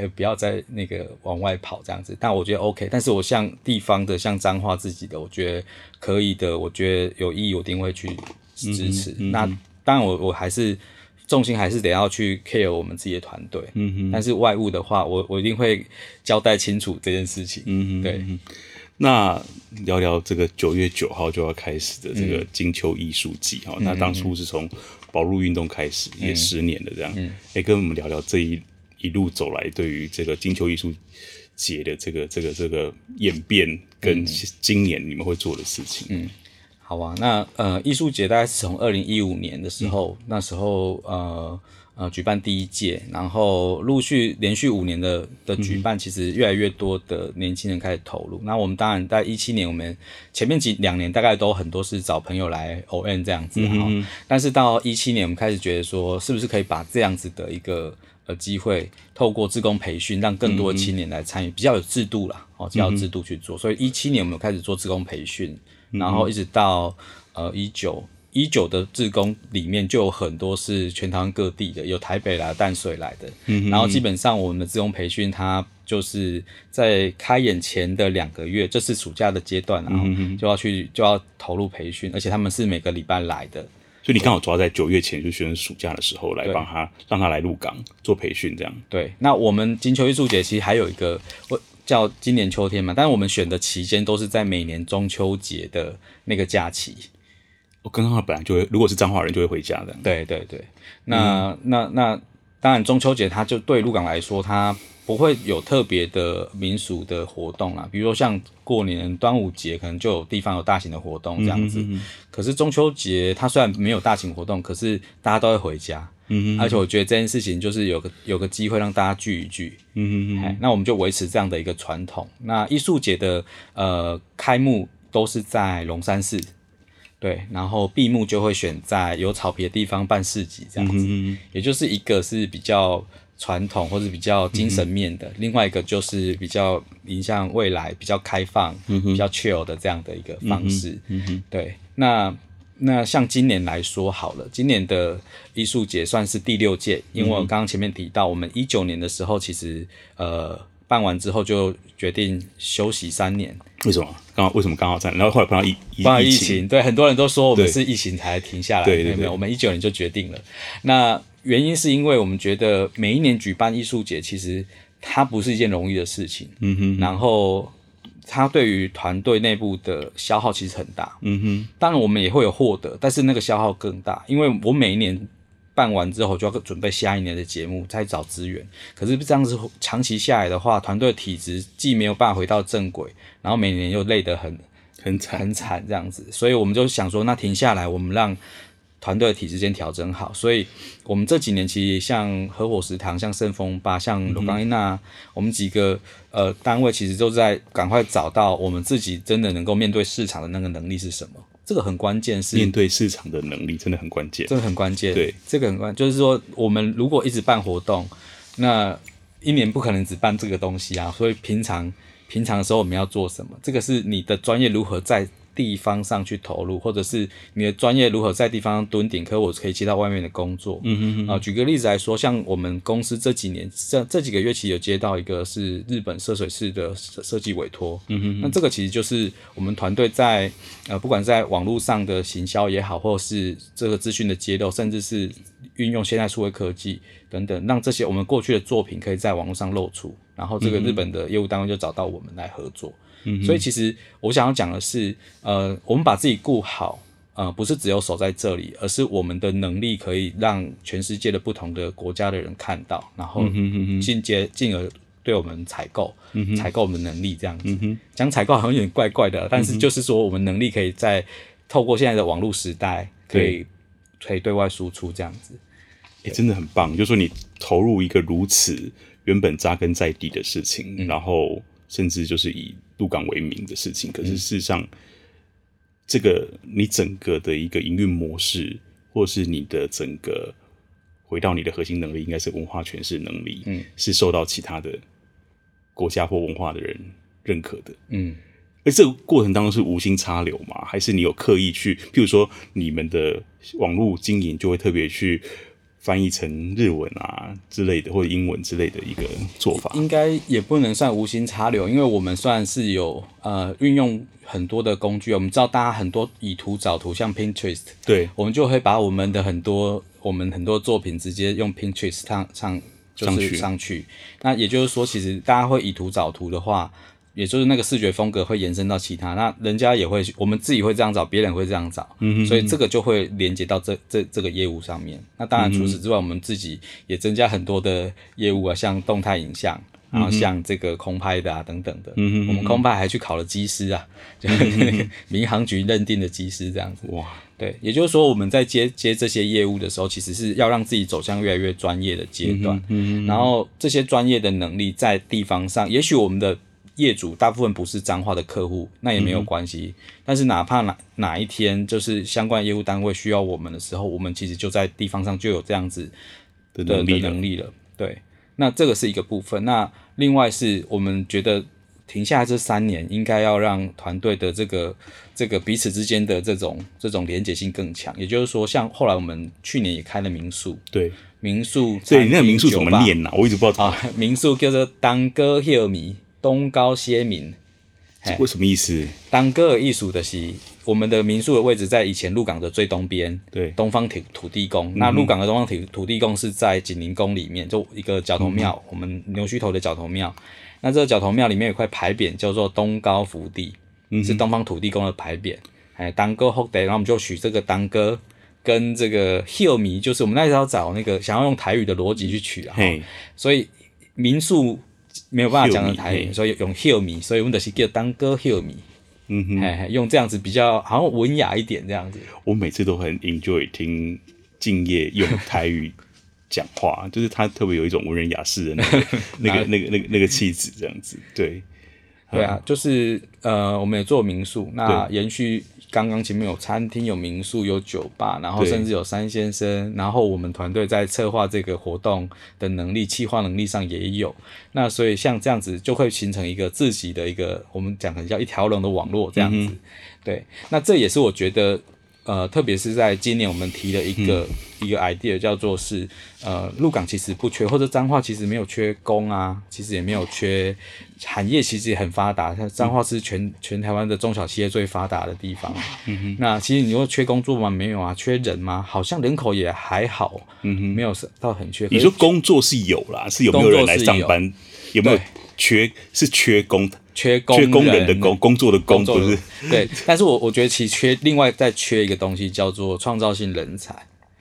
哎、欸，不要再那個往外跑這樣子，但我覺得 OK，但是我像地方的，像彰化自己的，我覺得可以的，我覺得有意義，我一定會去支持。嗯嗯、那當然我，我我還是重心還是得要去 care 我們自己的團隊，嗯，但是外務的話，我我一定會交代清楚這件事情，嗯對，
那聊聊這個九月九號就要開始的這個今秋藝術節、嗯、那當初是從保鹿運動開始、嗯，也十年了這樣，也、嗯欸、跟我們聊聊這一。一路走來，對於這個今秋藝術節的這個、這個、這個、這個、演變，跟今年你們會做的事情，嗯，好啊。那呃，
藝術節大概是從二零一五年的時候，嗯、那時候呃呃舉辦第一屆，然後陸續連續五年的的舉辦，其實越來越多的年輕人開始投入。嗯、那我們當然在一七年，我們前面幾兩年大概都很多是找朋友來 o n 這樣子，嗯，嗯，但是到一七年，我們開始覺得說，是不是可以把這樣子的一個。機會透過志工培訓，讓更多的青年來參與，嗯嗯，比較有制度啦，哦，比較有制度去做。所以一七年我們有開始做志工培訓，然後一直到呃一九一九的志工裡面就有很多是全台各地的，有台北來、淡水來的，然後基本上我們的志工培訓它就是在開演前的兩個月，這、就是暑假的階段，然後就要去就要投入培訓，而且他們是每
個禮拜來的。所以你剛好抓在九月前，就學生暑假的時候來幫他，讓他來鹿港做培訓，這樣。對，那我們今秋藝術節其實還有一個，叫今年秋
天嘛，但是我們選的期間都是在每年中秋節的那個假期。我剛好本來就會，如果是彰化人就會回家，這樣。對對對，那、嗯、那那當然中秋節他就對鹿港來說他。不會有特別的民俗的活動啦，比如說像過年、端午節，可能就有地方有大型的活動這樣子。嗯、哼哼，可是中秋節，它雖然沒有大型活動，可是大家都會回家。嗯哼哼，而且我覺得這件事情就是有個有個機會讓大家聚一聚。嗯哼哼，那我們就維持這樣的一個傳統。那藝術節的呃開幕都是在龍山寺，對，然後閉幕就會選在有草皮的地方辦市集這樣子。嗯、哼哼哼，也就是一個是比較。傳統或是比較精神面的。嗯、另外一個就是比較迎向未來，比較開放，嗯、比較 chill 的這樣的一個方式。嗯嗯、對，那那像今年來說好了，今年的藝術節算是第六屆，嗯、因為我剛剛前面提到，我們一九年的時候其實呃辦完之後就決定休息三年。
為什麼剛好為什麼剛好在？然後後來碰到疫，到疫情，疫情，對，很多人都說我們是疫
情才停下來對。對對對，我們一九年就決定了。那原因是因為我們覺得每一年舉辦藝術節，其實它不是一件容易的事情。
嗯哼，然
後它對於團隊內部的消耗其實很大。嗯哼，當然我們也會有獲得，但是那個消耗更大，因為我每一年辦完之後就要準備下一年的節目，再找資源。可是這樣子長期下來的話，團隊的體質既沒有辦法回到正軌，然後每年又累得很、很、很慘這樣子，嗯，所以我們就想說，那停下來，我們讓。團隊的體制先調整好，所以我們這幾年其實像合伙食堂、像盛豐吧、像羅邦茵娜，我們幾個呃單位其實都在趕快找到我們自己真的能夠面對市場的那個能力是什麼？這個很關鍵是面對市場的能力，真的很關鍵，真的很關鍵，這個很關鍵。對，這個很關鍵，就是說我們如果一直辦活動，那一年不可能只辦這個東西啊。所以平常平常的時候我們要做什麼？這個是你的專業如何在。地方上去投入，或者是你的專業如何在地方蹲點，可我可以接到外面的工作。嗯嗯，啊，舉個例子來說，像我們公司這幾年這這幾個月，其實有接到一個是日本涉水式的設計委托。嗯哼哼。那這個其實就是我們團隊在呃，不管在網絡上的行銷也好，或是這個資訊的揭露，甚至是運用現在數位科技。等等，讓這些我們過去的作品可以在網絡上露出，然後這個日本的業務單位就找到我們來合作。嗯，所以其實我想要講的是，呃，我們把自己顧好，呃，不是只有守在這裡，而是我們的能力可以讓全世界的不同的國家的人看到，然後進階進而對我們採購，採購，嗯，採購我們能力這樣子。講採購好像有點怪怪的，但是就是說我們能力可以在透過現在的網絡時代，可以可以對外輸出這樣子。也、欸、真的很
棒，就是、說你投入一個如此原本扎根在地的事情、嗯，然後甚至就是以鹿港為名的事情，可是事實上，嗯、這個你整個的一個營運模式，或是你的整個回到你的核心能力，應該是文化詮釋能力、嗯，是受到其他的國家或文化的人認可的，嗯。而、欸、這個過程當中是無心插柳嘛，還是你有刻意去？譬如說，你們的網絡經營就會特別去。翻譯成日文啊之類的，或者英文之類的一個做法，應該也不能算無心插柳，因為我們算是
有呃運用很多的工具。我們知道大家很多以圖找圖，像 Pinterest，對，我們就會把我們的很多我們很多作品直接用 Pinterest 上、就是、上就上去。那也就是說，其實大家會以圖找圖的話。也就是那個視覺風格會延伸到其他，那人家也會，我們自己會這樣找，別人也會這樣找，嗯，所以這個就會連接到這這這個業務上面。那當然除此之外、嗯，我們自己也增加很多的業務啊，像動態影像，然後像這個空拍的啊等等的，嗯，我們空拍還去考了機師啊，嗯、就是、那個民航局認定的機師這樣子。哇，對，也就是說我們在接接這些業務的時候，其實是要讓自己走向越來越專業的階段，嗯，然後這些專業的能力在地方上，也許我們的。業主大部分不是彰化的客戶，那也沒有關係、嗯。但是哪怕哪哪一天就是相關業務單位需要我們的時候，我們其實就在地方上就有這樣子的能力能力了。對，那這個是一個部分。那另外是我們覺得停下來這三年，應該要讓團隊的這個這個彼此之間的這種這種連結性更強。也就是說，像後來我們去年也開了民宿，對，民宿對，那個民宿怎麼念呢、啊？我一直不知道怎麼 啊。民宿叫做當哥希爾米。東高歇眠哎，這為什
麼意思？
當哥藝術的是，我們的民宿的位置在以前鹿港的最東邊，對，東方土土地公。嗯、那鹿港的東方土土地公是在景靈宮裡面，就一個角頭廟、嗯，我們牛墟頭的角頭廟、嗯。那這個角頭廟裡面有塊牌匾叫做東高福地、嗯，是東方土地公的牌匾。哎，當哥獲得，然後我們就取這個當哥跟這個 hill 米，就是我們那時候找那個想要用台語的邏輯去取啊，所以民宿。沒有辦法講到台語，所以用 hill me，所以我們都是叫當歌 hill me。嗯哼嘿嘿，用這樣子比較好，像文雅一點這樣子。
我每次都很 enjoy 聽敬業用台語講話， 就是他特別有一種文人雅士的那個 那個 那個那個、那個、那個氣質這樣子。對，嗯、對啊，就
是呃，我們也做民宿，那延續。剛剛前面有餐廳、有民宿、有酒吧，然後甚至有三先生，然後我們團隊在策劃這個活動的能力、企劃能力上也有，那所以像這樣子就會形成一個自己的一個我們講的叫一條龍的網絡這樣子、嗯，對，那這也是我覺得。呃，特別是在今年，我們提了一個、嗯、一個 idea，叫做是，呃，鹿港其實不缺，或者彰化，其實沒有缺工啊，其實也沒有缺產業，其實也很發達。像彰化是全全台灣的中小企業最發達的地方、嗯。那其實你說缺工作嗎？沒有啊，缺人嗎？好像人口也還好，沒有到很缺。你、嗯、說工作是有啦，是有沒有人來上班？
有沒有？缺是缺工，缺工，缺工人的工，工作的工，工作人，不是對。
但是我我覺得其實缺另外再缺一個東西，叫做創造性人才。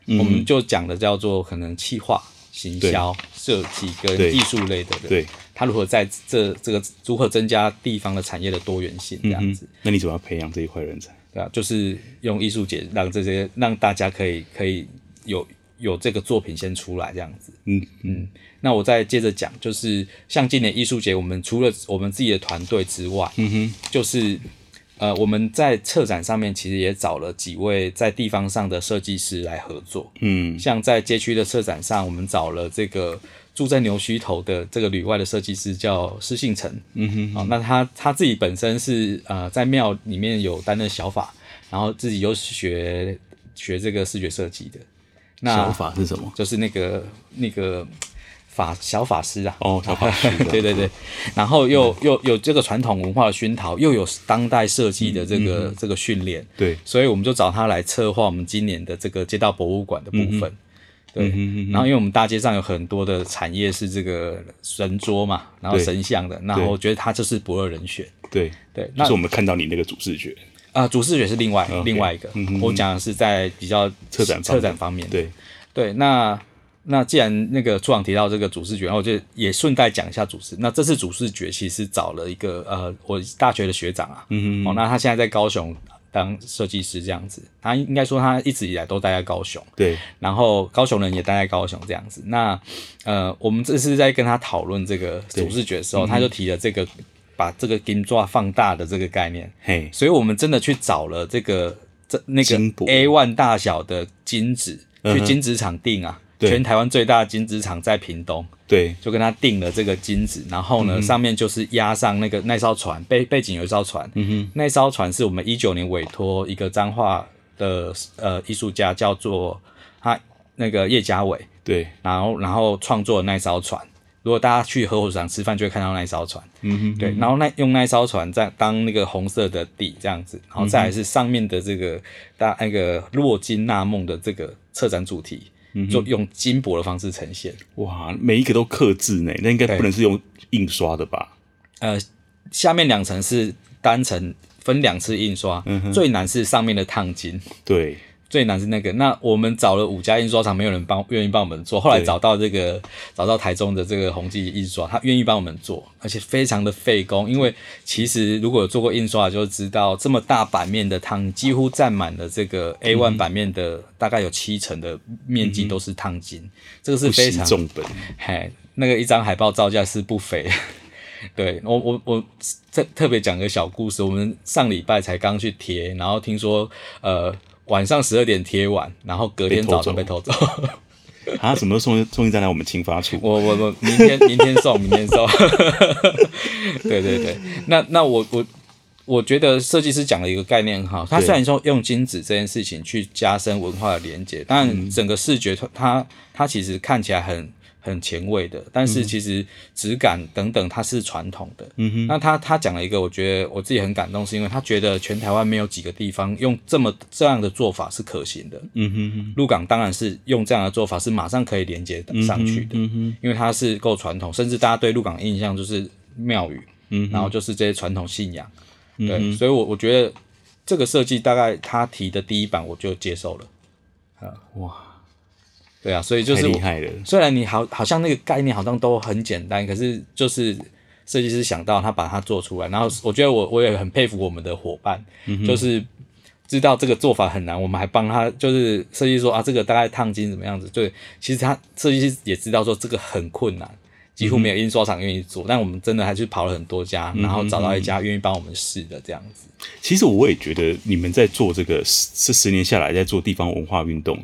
嗯、我們就講的叫做可能企劃、行銷、設計跟藝術類的人對，對，他如何在這這個如何增加地方的產業的多元性這樣
子。嗯、那你怎麼要培養這一
塊人才？對啊，就是用藝術節讓這些讓大家可以可以有有這個作品先出來這樣子。
嗯嗯。嗯
那我再接着講，就是像今年藝術節，我們除了我們自己的團隊之外，嗯哼，就是呃，我們在策展上面其實也找了幾位在地方上的設計師來合作，嗯，像在街區的策展上，我們找了這個住在牛墟頭的這個旅外的設計師叫施信成，嗯哼，哦，那他他自己本身是呃在廟裡面有擔任小法，然後自己又學學這個視覺設計的，那小法是什麼？就是那個那個。法小法師啊，哦，小法師啊， 對對對，然後又、嗯、又有這個傳統文化的熏陶，又有當代設計的這個、嗯嗯、這個訓練，對，所以我們就找他來策劃我們今年的這個街道博物館的部分，嗯、對、嗯嗯嗯，然後因為我們大街上有很多的產業是這個神桌嘛，然後神像的，然後我覺得他就是不二人選，對對，對，那、就是我們看到你那個主視覺，啊，主視覺是另外、哦、另外一個，嗯、我講的是在比較策展策展方面，方面對對，那。那既然那個處長提到這個主視覺，然後我就也順帶講一下主視。那這次主視覺其實找了一個呃，我大學的學長啊，嗯哼哦，那他現在在高雄當設計師這樣子。他應該說他一直以來都待在高雄，對。然後高雄人也待在高雄這樣子。那呃，我們這次在跟他討論這個主視覺的時候，他就提了這個、嗯、把這個 game draw 放大的這個概念。嘿，所以我們真的去找了這個這那個 A 1大小的金紙去金紙廠訂啊。嗯全台灣最大的金子廠在屏東，對，就跟他定了這個金子，然後呢，嗯、上面就是壓上那個那艘船背背景有一艘船，嗯哼，那艘船是我們一九年委託一個彰化的呃藝術家叫做他那個葉家偉，對，然後然後創作的那艘船，如果大家去合夥廠吃飯就會看到那艘船，
嗯哼，對，然後
那用那艘船在當那個紅色的底這樣子，然後再來是上面的這個、嗯、大那個落金納夢的這個策展主題。嗯，就用金箔的方式呈現，哇，每一個都刻
字呢，那應該不能是用印刷的吧？
呃，下面兩層是單層，分兩次印刷，嗯，最難是上面的燙金，對。最難是那個，那我們找了五家印刷廠，沒有人幫，願意幫我們做。後來找到這個，找到台中的這個宏基印刷，他願意幫我們做，而且非常的費工。因為其實如果有做過印刷就知道，這麼大版面的燙，幾乎占滿了這個 A one 版面的、嗯、大概有七成的面積都是燙金，嗯嗯這個是非常重本。嘿，那個一張海報造價是不菲。 對，我我我再特別講個小故事，我們上禮拜才剛去貼，然後聽說呃。晚上十二點
貼完，然後隔天早上被偷走。他什麼時候送送一再來我們青發處？ 我我我明天
明天送，明天送。
對對對，
那那我我我覺得設計師講了一個概念哈，他雖然說用金子這件事情去加深文化的連接，但整個視覺它它它其實看起來很。很前衛的，但是其實質感等等它是傳統的。嗯哼。那他他講了一個，我覺得我自己很感動，是因為他覺得全台灣沒有幾個地方用這麼這樣的做法是可行的。嗯哼。鹿港當然是用這樣的做法是馬上可以連接上去的。嗯哼。因為它是夠傳統，甚至大家對鹿港的印象就是廟宇，嗯，然後就是這些傳統信仰。嗯。對，所以我我覺得這個設計大概他提的第一版我就接受了。嗯，哇。對啊，所以就是厲害的，雖然你好好像那個概念好像都很簡單，可是就是設計師想到他把它做出來，然後我覺得我我也很佩服我們的夥伴，就是知道這個做法很難，我們還幫他就是設計師說啊，這個大概燙金怎麼樣子，對，其實他設計師也知道說這個很困難，幾乎沒有印刷廠願意做。嗯，但我們真的還是跑了很多家，然後找到一家願意幫我們試的這樣子。嗯
哼哼。其實我也覺得你們在做這個是十年下來在做地方文化運動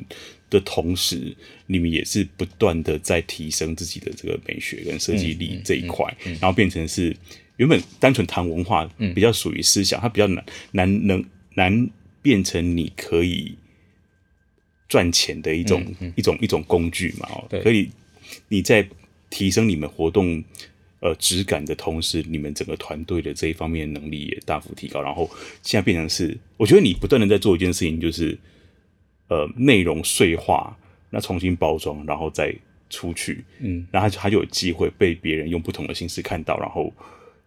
的同時，你們也是不斷的在提升自己的這個美學跟設計力這一塊、嗯嗯嗯，然後變成是原本單純談文化，比較屬於思想、嗯，它比較難難能難變成你可以賺錢的一種、嗯嗯，一種一種工具嘛？哦，對，所以你在提升你們活動呃質感的同時，你們整個團隊的這一方面能力也大幅提高，然後現在變成是，我覺得你不斷的在做一件事情，就是。呃，內容碎化，那重新包裝，然後再出去，嗯，然後他就他就有機會被別人用不同的形式看到，然後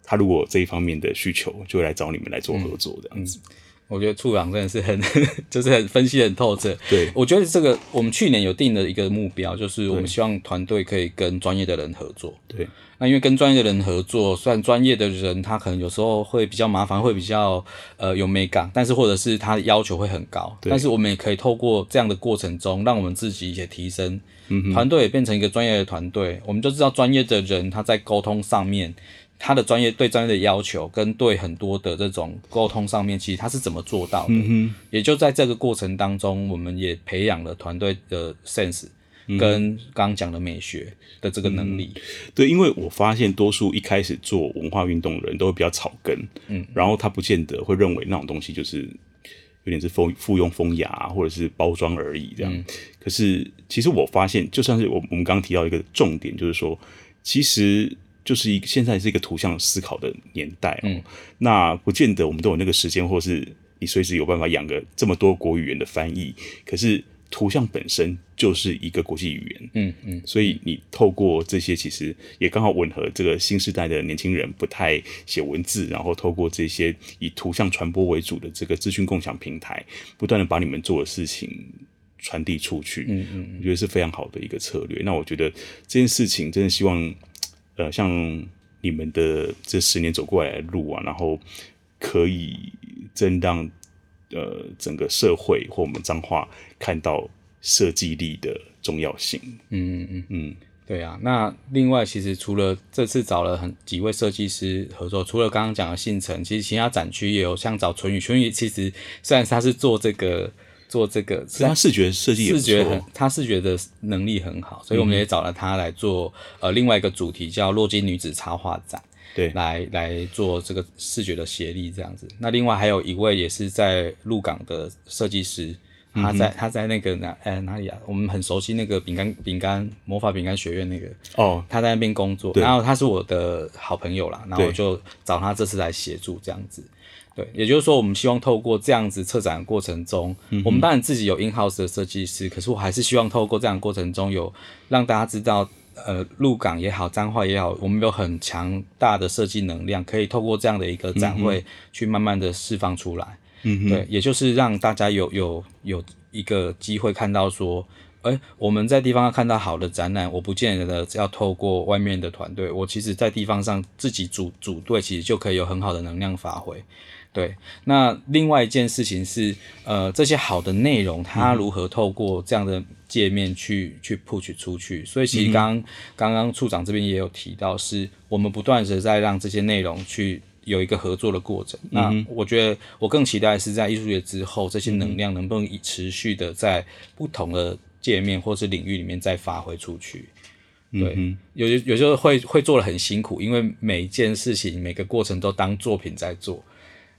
他如果這一方面的需求，就會來找你們來做合作、嗯、這樣子。嗯我覺得處長真的是很， 就是很分析很透
徹。對，我覺得這個我們去年有定了一個目標，就是我們希望團隊可以跟專業的人合作。對，那因為跟專業的人合作，雖然專業的人他可能有時候會比較麻煩，會比較呃有美感，但是或者是他的要求會很高。對。但是我們也可以透過這樣的過程中，讓我們自己也提升，團隊也變成一個專業的團隊。我們就知道專業的人他在溝通上面，他的專業對專業的要求，跟對很多的這種溝通上面，其實他是怎麼做到的、嗯？也就在這個過程當中，我們
也培養了團隊的 sense，、嗯、跟剛剛講的美學的這個能力。嗯、對，因為我發現多數一開始做文化運動的人都會比較草根，嗯，然後他不見得會認為那種東西就是有點是附庸風雅、啊，或者是包裝而已這樣、嗯。可是其實我發現，就算是我我們剛剛提到一個重點，就是說其實。就是一個，現在是一個圖像思考的年代，哦、嗯，那不見得我們都有那個時間，或是你隨時有辦法養個這麼多國語言的翻譯。可是圖像本身就是一個國際語言，嗯嗯，所以你透過這些，其實也剛好吻合這個新時代的年輕人不太寫文字，然後透過這些以圖像傳播為主的這個資訊共享平台，不斷的把你們做的事情傳遞出去，嗯嗯，我覺得是非常好的一個策略。那我覺得這件事情真的希望。呃，像你們的這十年走過來的路啊，然後可以真當讓呃整個社會或我們彰化看到設計力的重要性。嗯嗯嗯嗯，對啊。那
另外，其實除了這次找了很幾位設計師合作，除了剛剛講的信誠，其實其他展區也有像找淳宇，淳宇其實雖然他是做這個。做這個，他視覺設計，視覺很，他視覺的能力很好，所以我們也找了他來做，呃，另外一個主題叫《落金女子》插畫展，對，來來做這個視覺的協力這樣子。那另外還有一位也是在鹿港的設計師，
他在他
在那個哪哎、欸、哪裡啊？我們很熟悉那個餅乾餅乾魔法餅乾學院那個哦，oh, 他在那邊工作，然後他是我的好朋友啦，然後我就找他這次來協助這樣子。對，也就是說，我們希望透過這樣子策展的過程中、嗯，我們當然自己有 in house 的設計師，可是我還是希望透過這樣的過程中有讓大家知道，呃，鹿港也好，彰化也好，我們有很強大的設計能量，可以透過這樣的一個展會去慢慢的釋放出來。嗯對，也就是讓大家有有有一個機會看到說，誒、欸，我們在地方要看到好的展覽，我不見得要透過外面的團隊，我其實在地方上自己組組隊，其實就可以有很好的能量發揮。對，那另外一件事情是，呃，這些好的內容、嗯，它如何透過這樣的界面去去 push 出去？所以，其實剛剛剛處長這邊也有提到是，是我們不斷的在讓這些內容去有一個合作的過程。嗯、那我覺得，我更期待的是在藝術節之後，這些能量能不能持續的在不同的界面或是領域裡面再發揮出去、嗯？對，有有時候會會做得很辛苦，因為每一件事情、每個過程都當作品在做。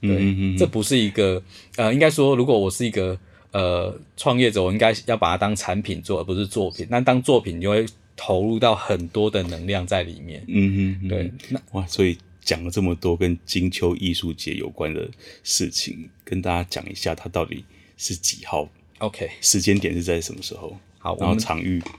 對，這不是一個，呃，應該說，如果我是一個呃創業者，我應該要把它當產品做，而不是作品。那當作品，就會投入到很多的能量在裡面。
嗯嗯， 對。那哇，所以講了這麼多跟今秋藝術節有關的事情，跟大家講一下，它到底是幾號？OK，時間點是在什麼時候？好，然後場域我，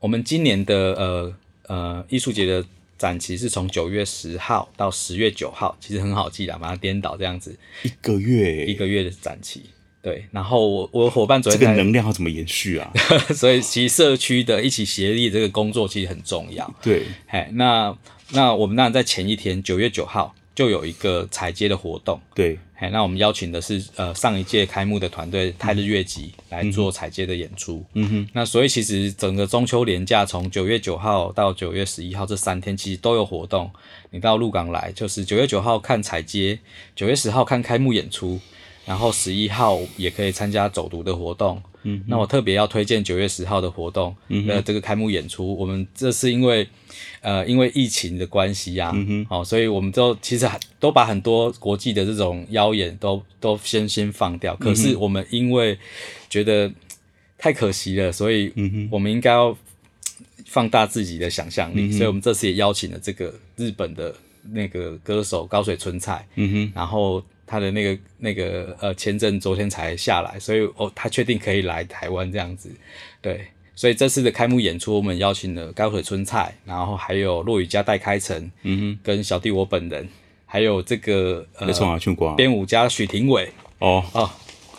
我們今年的呃呃
藝術節的。展期是從九月十號到十月九號，其實很好記的，把它顛倒這樣子，一個月，一個月的展期。對，然後我我夥伴昨天這個能
量要怎麼延續啊？
所以其實社區的一起協力這個工作其實很重要。對，哎，那那我們那在前一天九月九號。就有一個採街的活動，對，哎，那我們邀請的是呃上一屆開幕的團隊太日樂集來做採街的演出，嗯哼，那所以其實整個中秋連假從九月九號到九月十一號這三天其實都有活動，你到鹿港來就是九月九號看採街，九月十號看開幕演出。然後十一號也可以參加走讀的活動，嗯，那我特別要推薦九月十號的活動，嗯、呃，這個開幕演出，我們這次因為，呃，因為疫情的關係呀、啊，嗯哦，所以我們都其實都把很多國際的這種邀演都都先先放掉，可是我們因為覺得太可惜了，所以，嗯我們應該要放大自己的想象力、嗯，所以我們這次也邀請了這個日本的那個歌手高水春菜，嗯，然後。他的那個那個呃簽證昨天才下來，所以哦他確定可以來台灣這樣子，對，所以這次的開幕演出我們邀請了高水春菜，然後還有駱雨佳、戴開成，嗯哼，跟小弟我本人，還有這個沒錯、呃、啊，編、啊、舞家許廷偉，哦哦。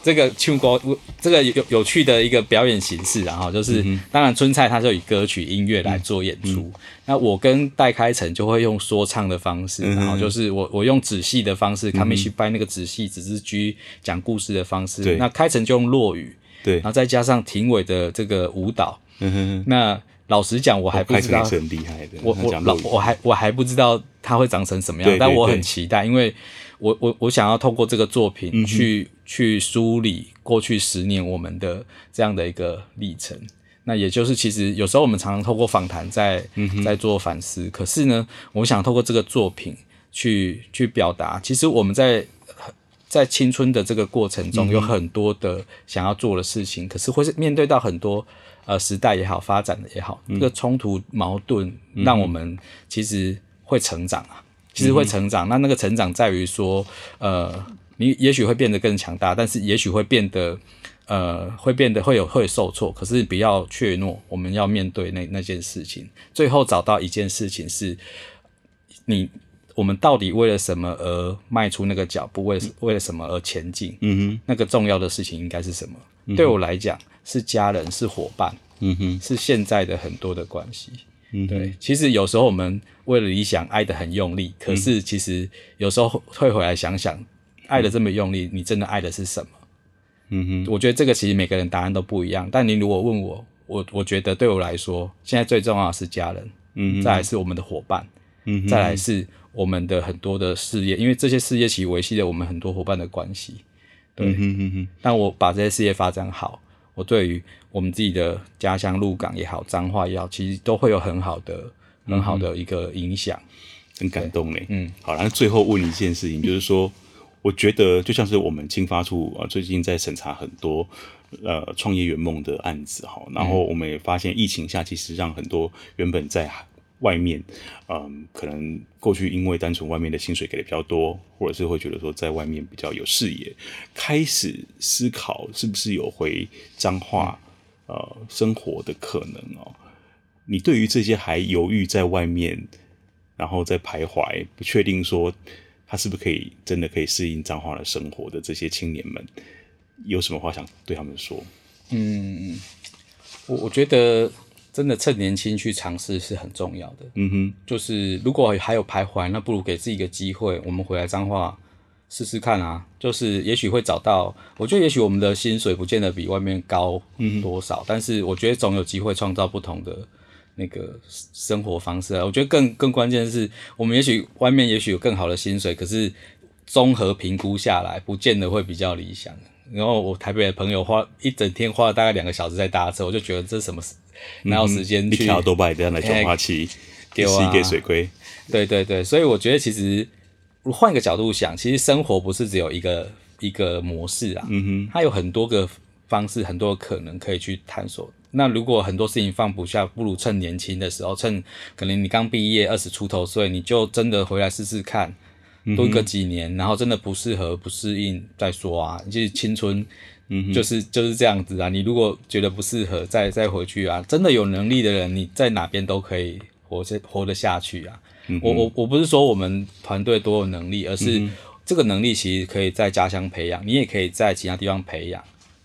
這個全國這個有有趣的一個表演形式，然後就是、嗯、當然春菜它就以歌曲音樂來做演出，嗯嗯、那我跟戴開成就會用說唱的方式，嗯、然後就是我我用紙芝居的方式，kamishibai 那個紙芝居紙芝居講故事的方式，那開成就用落語，然後再加上庭尾的這個舞蹈。嗯、那老實講，我還不知道開成是、哦、很厲害的，我很，我還我還不知道它會長成什麼樣，對對對，但我很期待，因為我我我想要透過這個作品去、嗯。去梳理過去十年我們的這樣的一個歷程，那也就是其實有時候我們常常透過訪談在、嗯、在做反思，可是呢，我想透過這個作品去去表達，其實我們在在青春的這個過程中有很多的想要做的事情，嗯、可是會是面對到很多呃時代也好，發展的也好，嗯、這個衝突矛盾讓我們其實會成長啊、嗯，其實會成長。那那個成長在於說呃。你也許會變得更強大，但是也許會變得，呃，會變得會有會受挫。可是不要怯懦，我們要面對那那件事情。最後找到一件事情是，你我們到底為了什麼而邁出那個腳步？為為了什麼而前進？嗯哼，那個重要的事情應該是什麼？嗯，對我來講，是家人，是夥伴，嗯哼，是現在的很多的關係。嗯，
對。
其實有時候我們為了理想愛得很用力，可是其實有時候退回來想想。愛得這麼用力，你真的愛的是什麼？嗯哼，我覺得這個其實每個人答案都不一樣。但你如果問我，我我覺得對我來說，現在最重要的是家人，嗯，再來是我們的伙伴，嗯，再來是我們的很多的事業，因為這些事業其實維繫了我們很多伙伴的關係。對，嗯哼嗯哼。但我把這些事業發展好，我對於我們自己的家鄉鹿港也好，彰化也好，其實都會有很好的很好的
一個影響、嗯。很感動嘞，嗯。好，然後最後問你一件事情，就是說。 我覺得就像是我們經發處啊，最近在審查很多呃創業圓夢的案子哈，然後我們也發現，疫情下其實讓很多原本在外面，嗯，可能過去因為單純外面的薪水給的比較多，或者是會覺得說在外面比較有視野，開始思考是不是有回彰化呃生活的可能哦。你對於這些還猶豫在外面，然後在徘徊，不確定說。他是不是可以真的可以適應彰化的生活的這些青年們，有什麼話想對他們說？嗯，
我我覺得真的趁年
輕去嘗試是很重要
的。嗯哼，就是如果還有徘徊，那不如給自己一個機會，我們回來彰化試試看啊。就是也許會找到，我覺得也許我們的薪水不見得比外面高多少，嗯、但是我覺得總有機會創造不同的。那個生活方式啊，我覺得更更關鍵是我們也許外面也許有更好的薪水，可是綜合評估下來，不見得會比較理想。然後我台北的朋友花一整天，花了大概兩個小時在搭車，我就覺得這是什麼、嗯、哪有時間去一條多巴樣的轉化器，給、欸、給、啊、水龜。對對對，所以我覺得其實換一個角度想，其實生活不是只有一個一個模式啊、嗯，它有很多個方式，很多可能可以去探索。那如果很多事情放不下，不如趁年輕的時候，趁可能你剛畢業二十出頭，所以你就真的回來試試看，多隔幾年、嗯，然後真的不適合不適應再說啊。就是青春，嗯，就是就是這樣子啊。你如果覺得不適合，再再回去啊。真的有能力的人，你在哪邊都可以活，活得下去啊。嗯、我我我不是說我們團隊多有能力，而是這個能力其實可以在家鄉培養，你也可以在其他地方培養。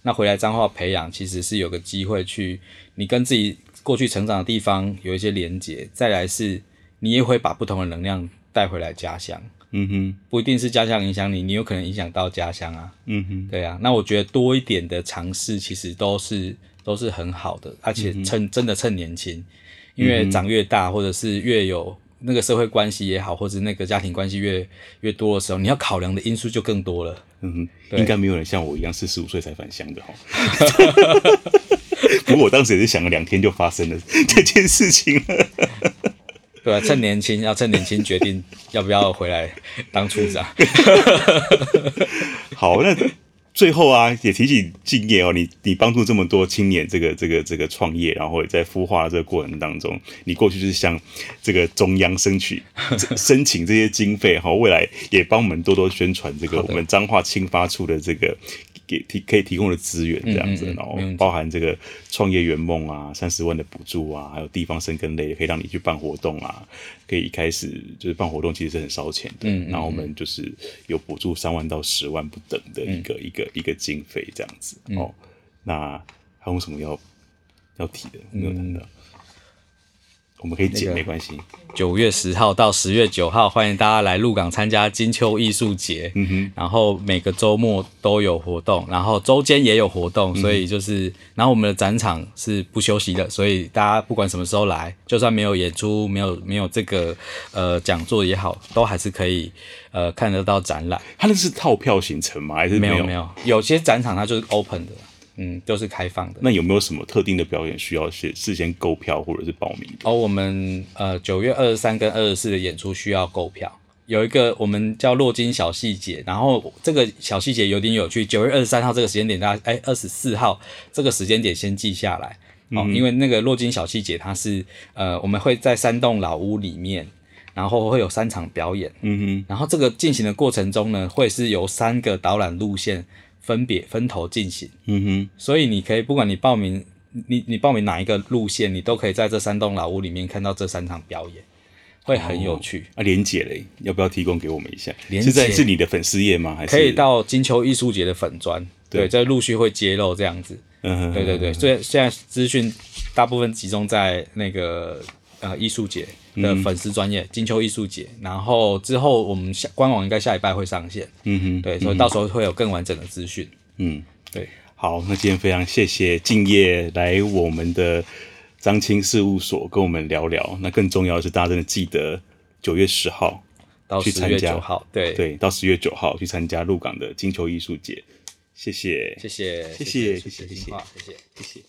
那回來彰化培養其實是有個機會去，你跟自己過去成長的地方有一些連結。再來是，你也會把不同的能量帶回來家鄉。嗯哼，不一定是家鄉影響你，你有可能影響到家鄉啊。嗯哼，對啊。那我覺得多一點的嘗試其實都是都是很好的，而且趁真的趁年輕，因為長越大或者是越有。那個社會關係也好，或者那個家庭關係越越多的時候，你要考量的因
素就更多了。嗯，應該沒有人像我一樣四十五歲才返鄉的哈。不 過 我當時也是想了兩天，就發生了這件事情。嗯。
對啊，趁年輕要趁年輕決定要不要回來當村長。
好，那。最後啊，也提醒敬業哦，你你幫助這麼多青年這個這個這個創業，然後也在孵化這個過程當中，你過去就是向這個中央爭取申請這些經費好、哦、未來也幫我們多多宣傳這個我們彰化青發處的這個。給提可以提供的資源這樣子然後、嗯嗯嗯嗯、包含這個創業圓夢啊，三十萬的補助啊，還有地方生根類，可以讓你去辦活動啊，可以一開始就是辦活動其實是很燒錢的，嗯嗯、然後我們就是有補助三萬到十萬不等的一個、嗯、一個一個，一個經費這樣子哦、嗯，那還有什麼要要提的沒有談到？嗯我們可以剪，那個，沒關係。
九月十號到十月九號，歡迎大家來鹿港參加今秋藝術節。嗯哼，然後每個周末都有活動，然後周間也有活動，所以就是、嗯，然後我們的展場是不休息的，所以大家不管什麼時候來，就算沒有演出，沒有沒有這個呃講座也好，都還是可以呃看得到展覽。它那
是套票行程嗎？還是沒有？沒有，沒有。
有些展場它就是 open 的。嗯，都、就是開放的。
那有沒有什麼特定的表演需要事先購票或者是報名？哦、oh,，我們呃九月二十
三跟二十四的演出需要購票。有一個我們叫落金小戲節，然後這個小戲節有點有趣。九月二十三號這個時間點，大家誒，二十四號這個時間點先記下來、嗯、哦，因為那個落金小戲節它是呃我們會在三棟老屋裡面，然後會有三場表演。嗯哼，然後這個進行的過程中呢，會是由三個導覽路線。分別分頭進行，嗯哼，所以你可以不管你報名你你報名哪一個路線，你都可以在這三棟老屋裡面看到這三場表演，會很有
趣、哦、啊。連結嘞，要不要提供給我們一下？現在是你的粉絲頁嗎？還是可以
到今秋藝術節的粉專？對，在陸續會揭露這樣子。嗯哼，對對對，所以現在資訊大部分集中在那個。呃，藝術節的粉絲專頁，嗯、今秋藝術節，然後之後我們下官網應該下禮拜會上線，嗯
哼，對，所以到時
候會有更完整的資訊。嗯，對，
好，那今天非常謝謝敬業來我們的彰青事務所跟我們聊聊。那更重要的是，大家真的記得九月十號到去參加九號，對對，到十月九號去參加鹿港的今秋藝術節。謝謝，謝謝，謝謝，謝謝，謝謝，謝謝，謝謝。謝謝謝謝謝謝。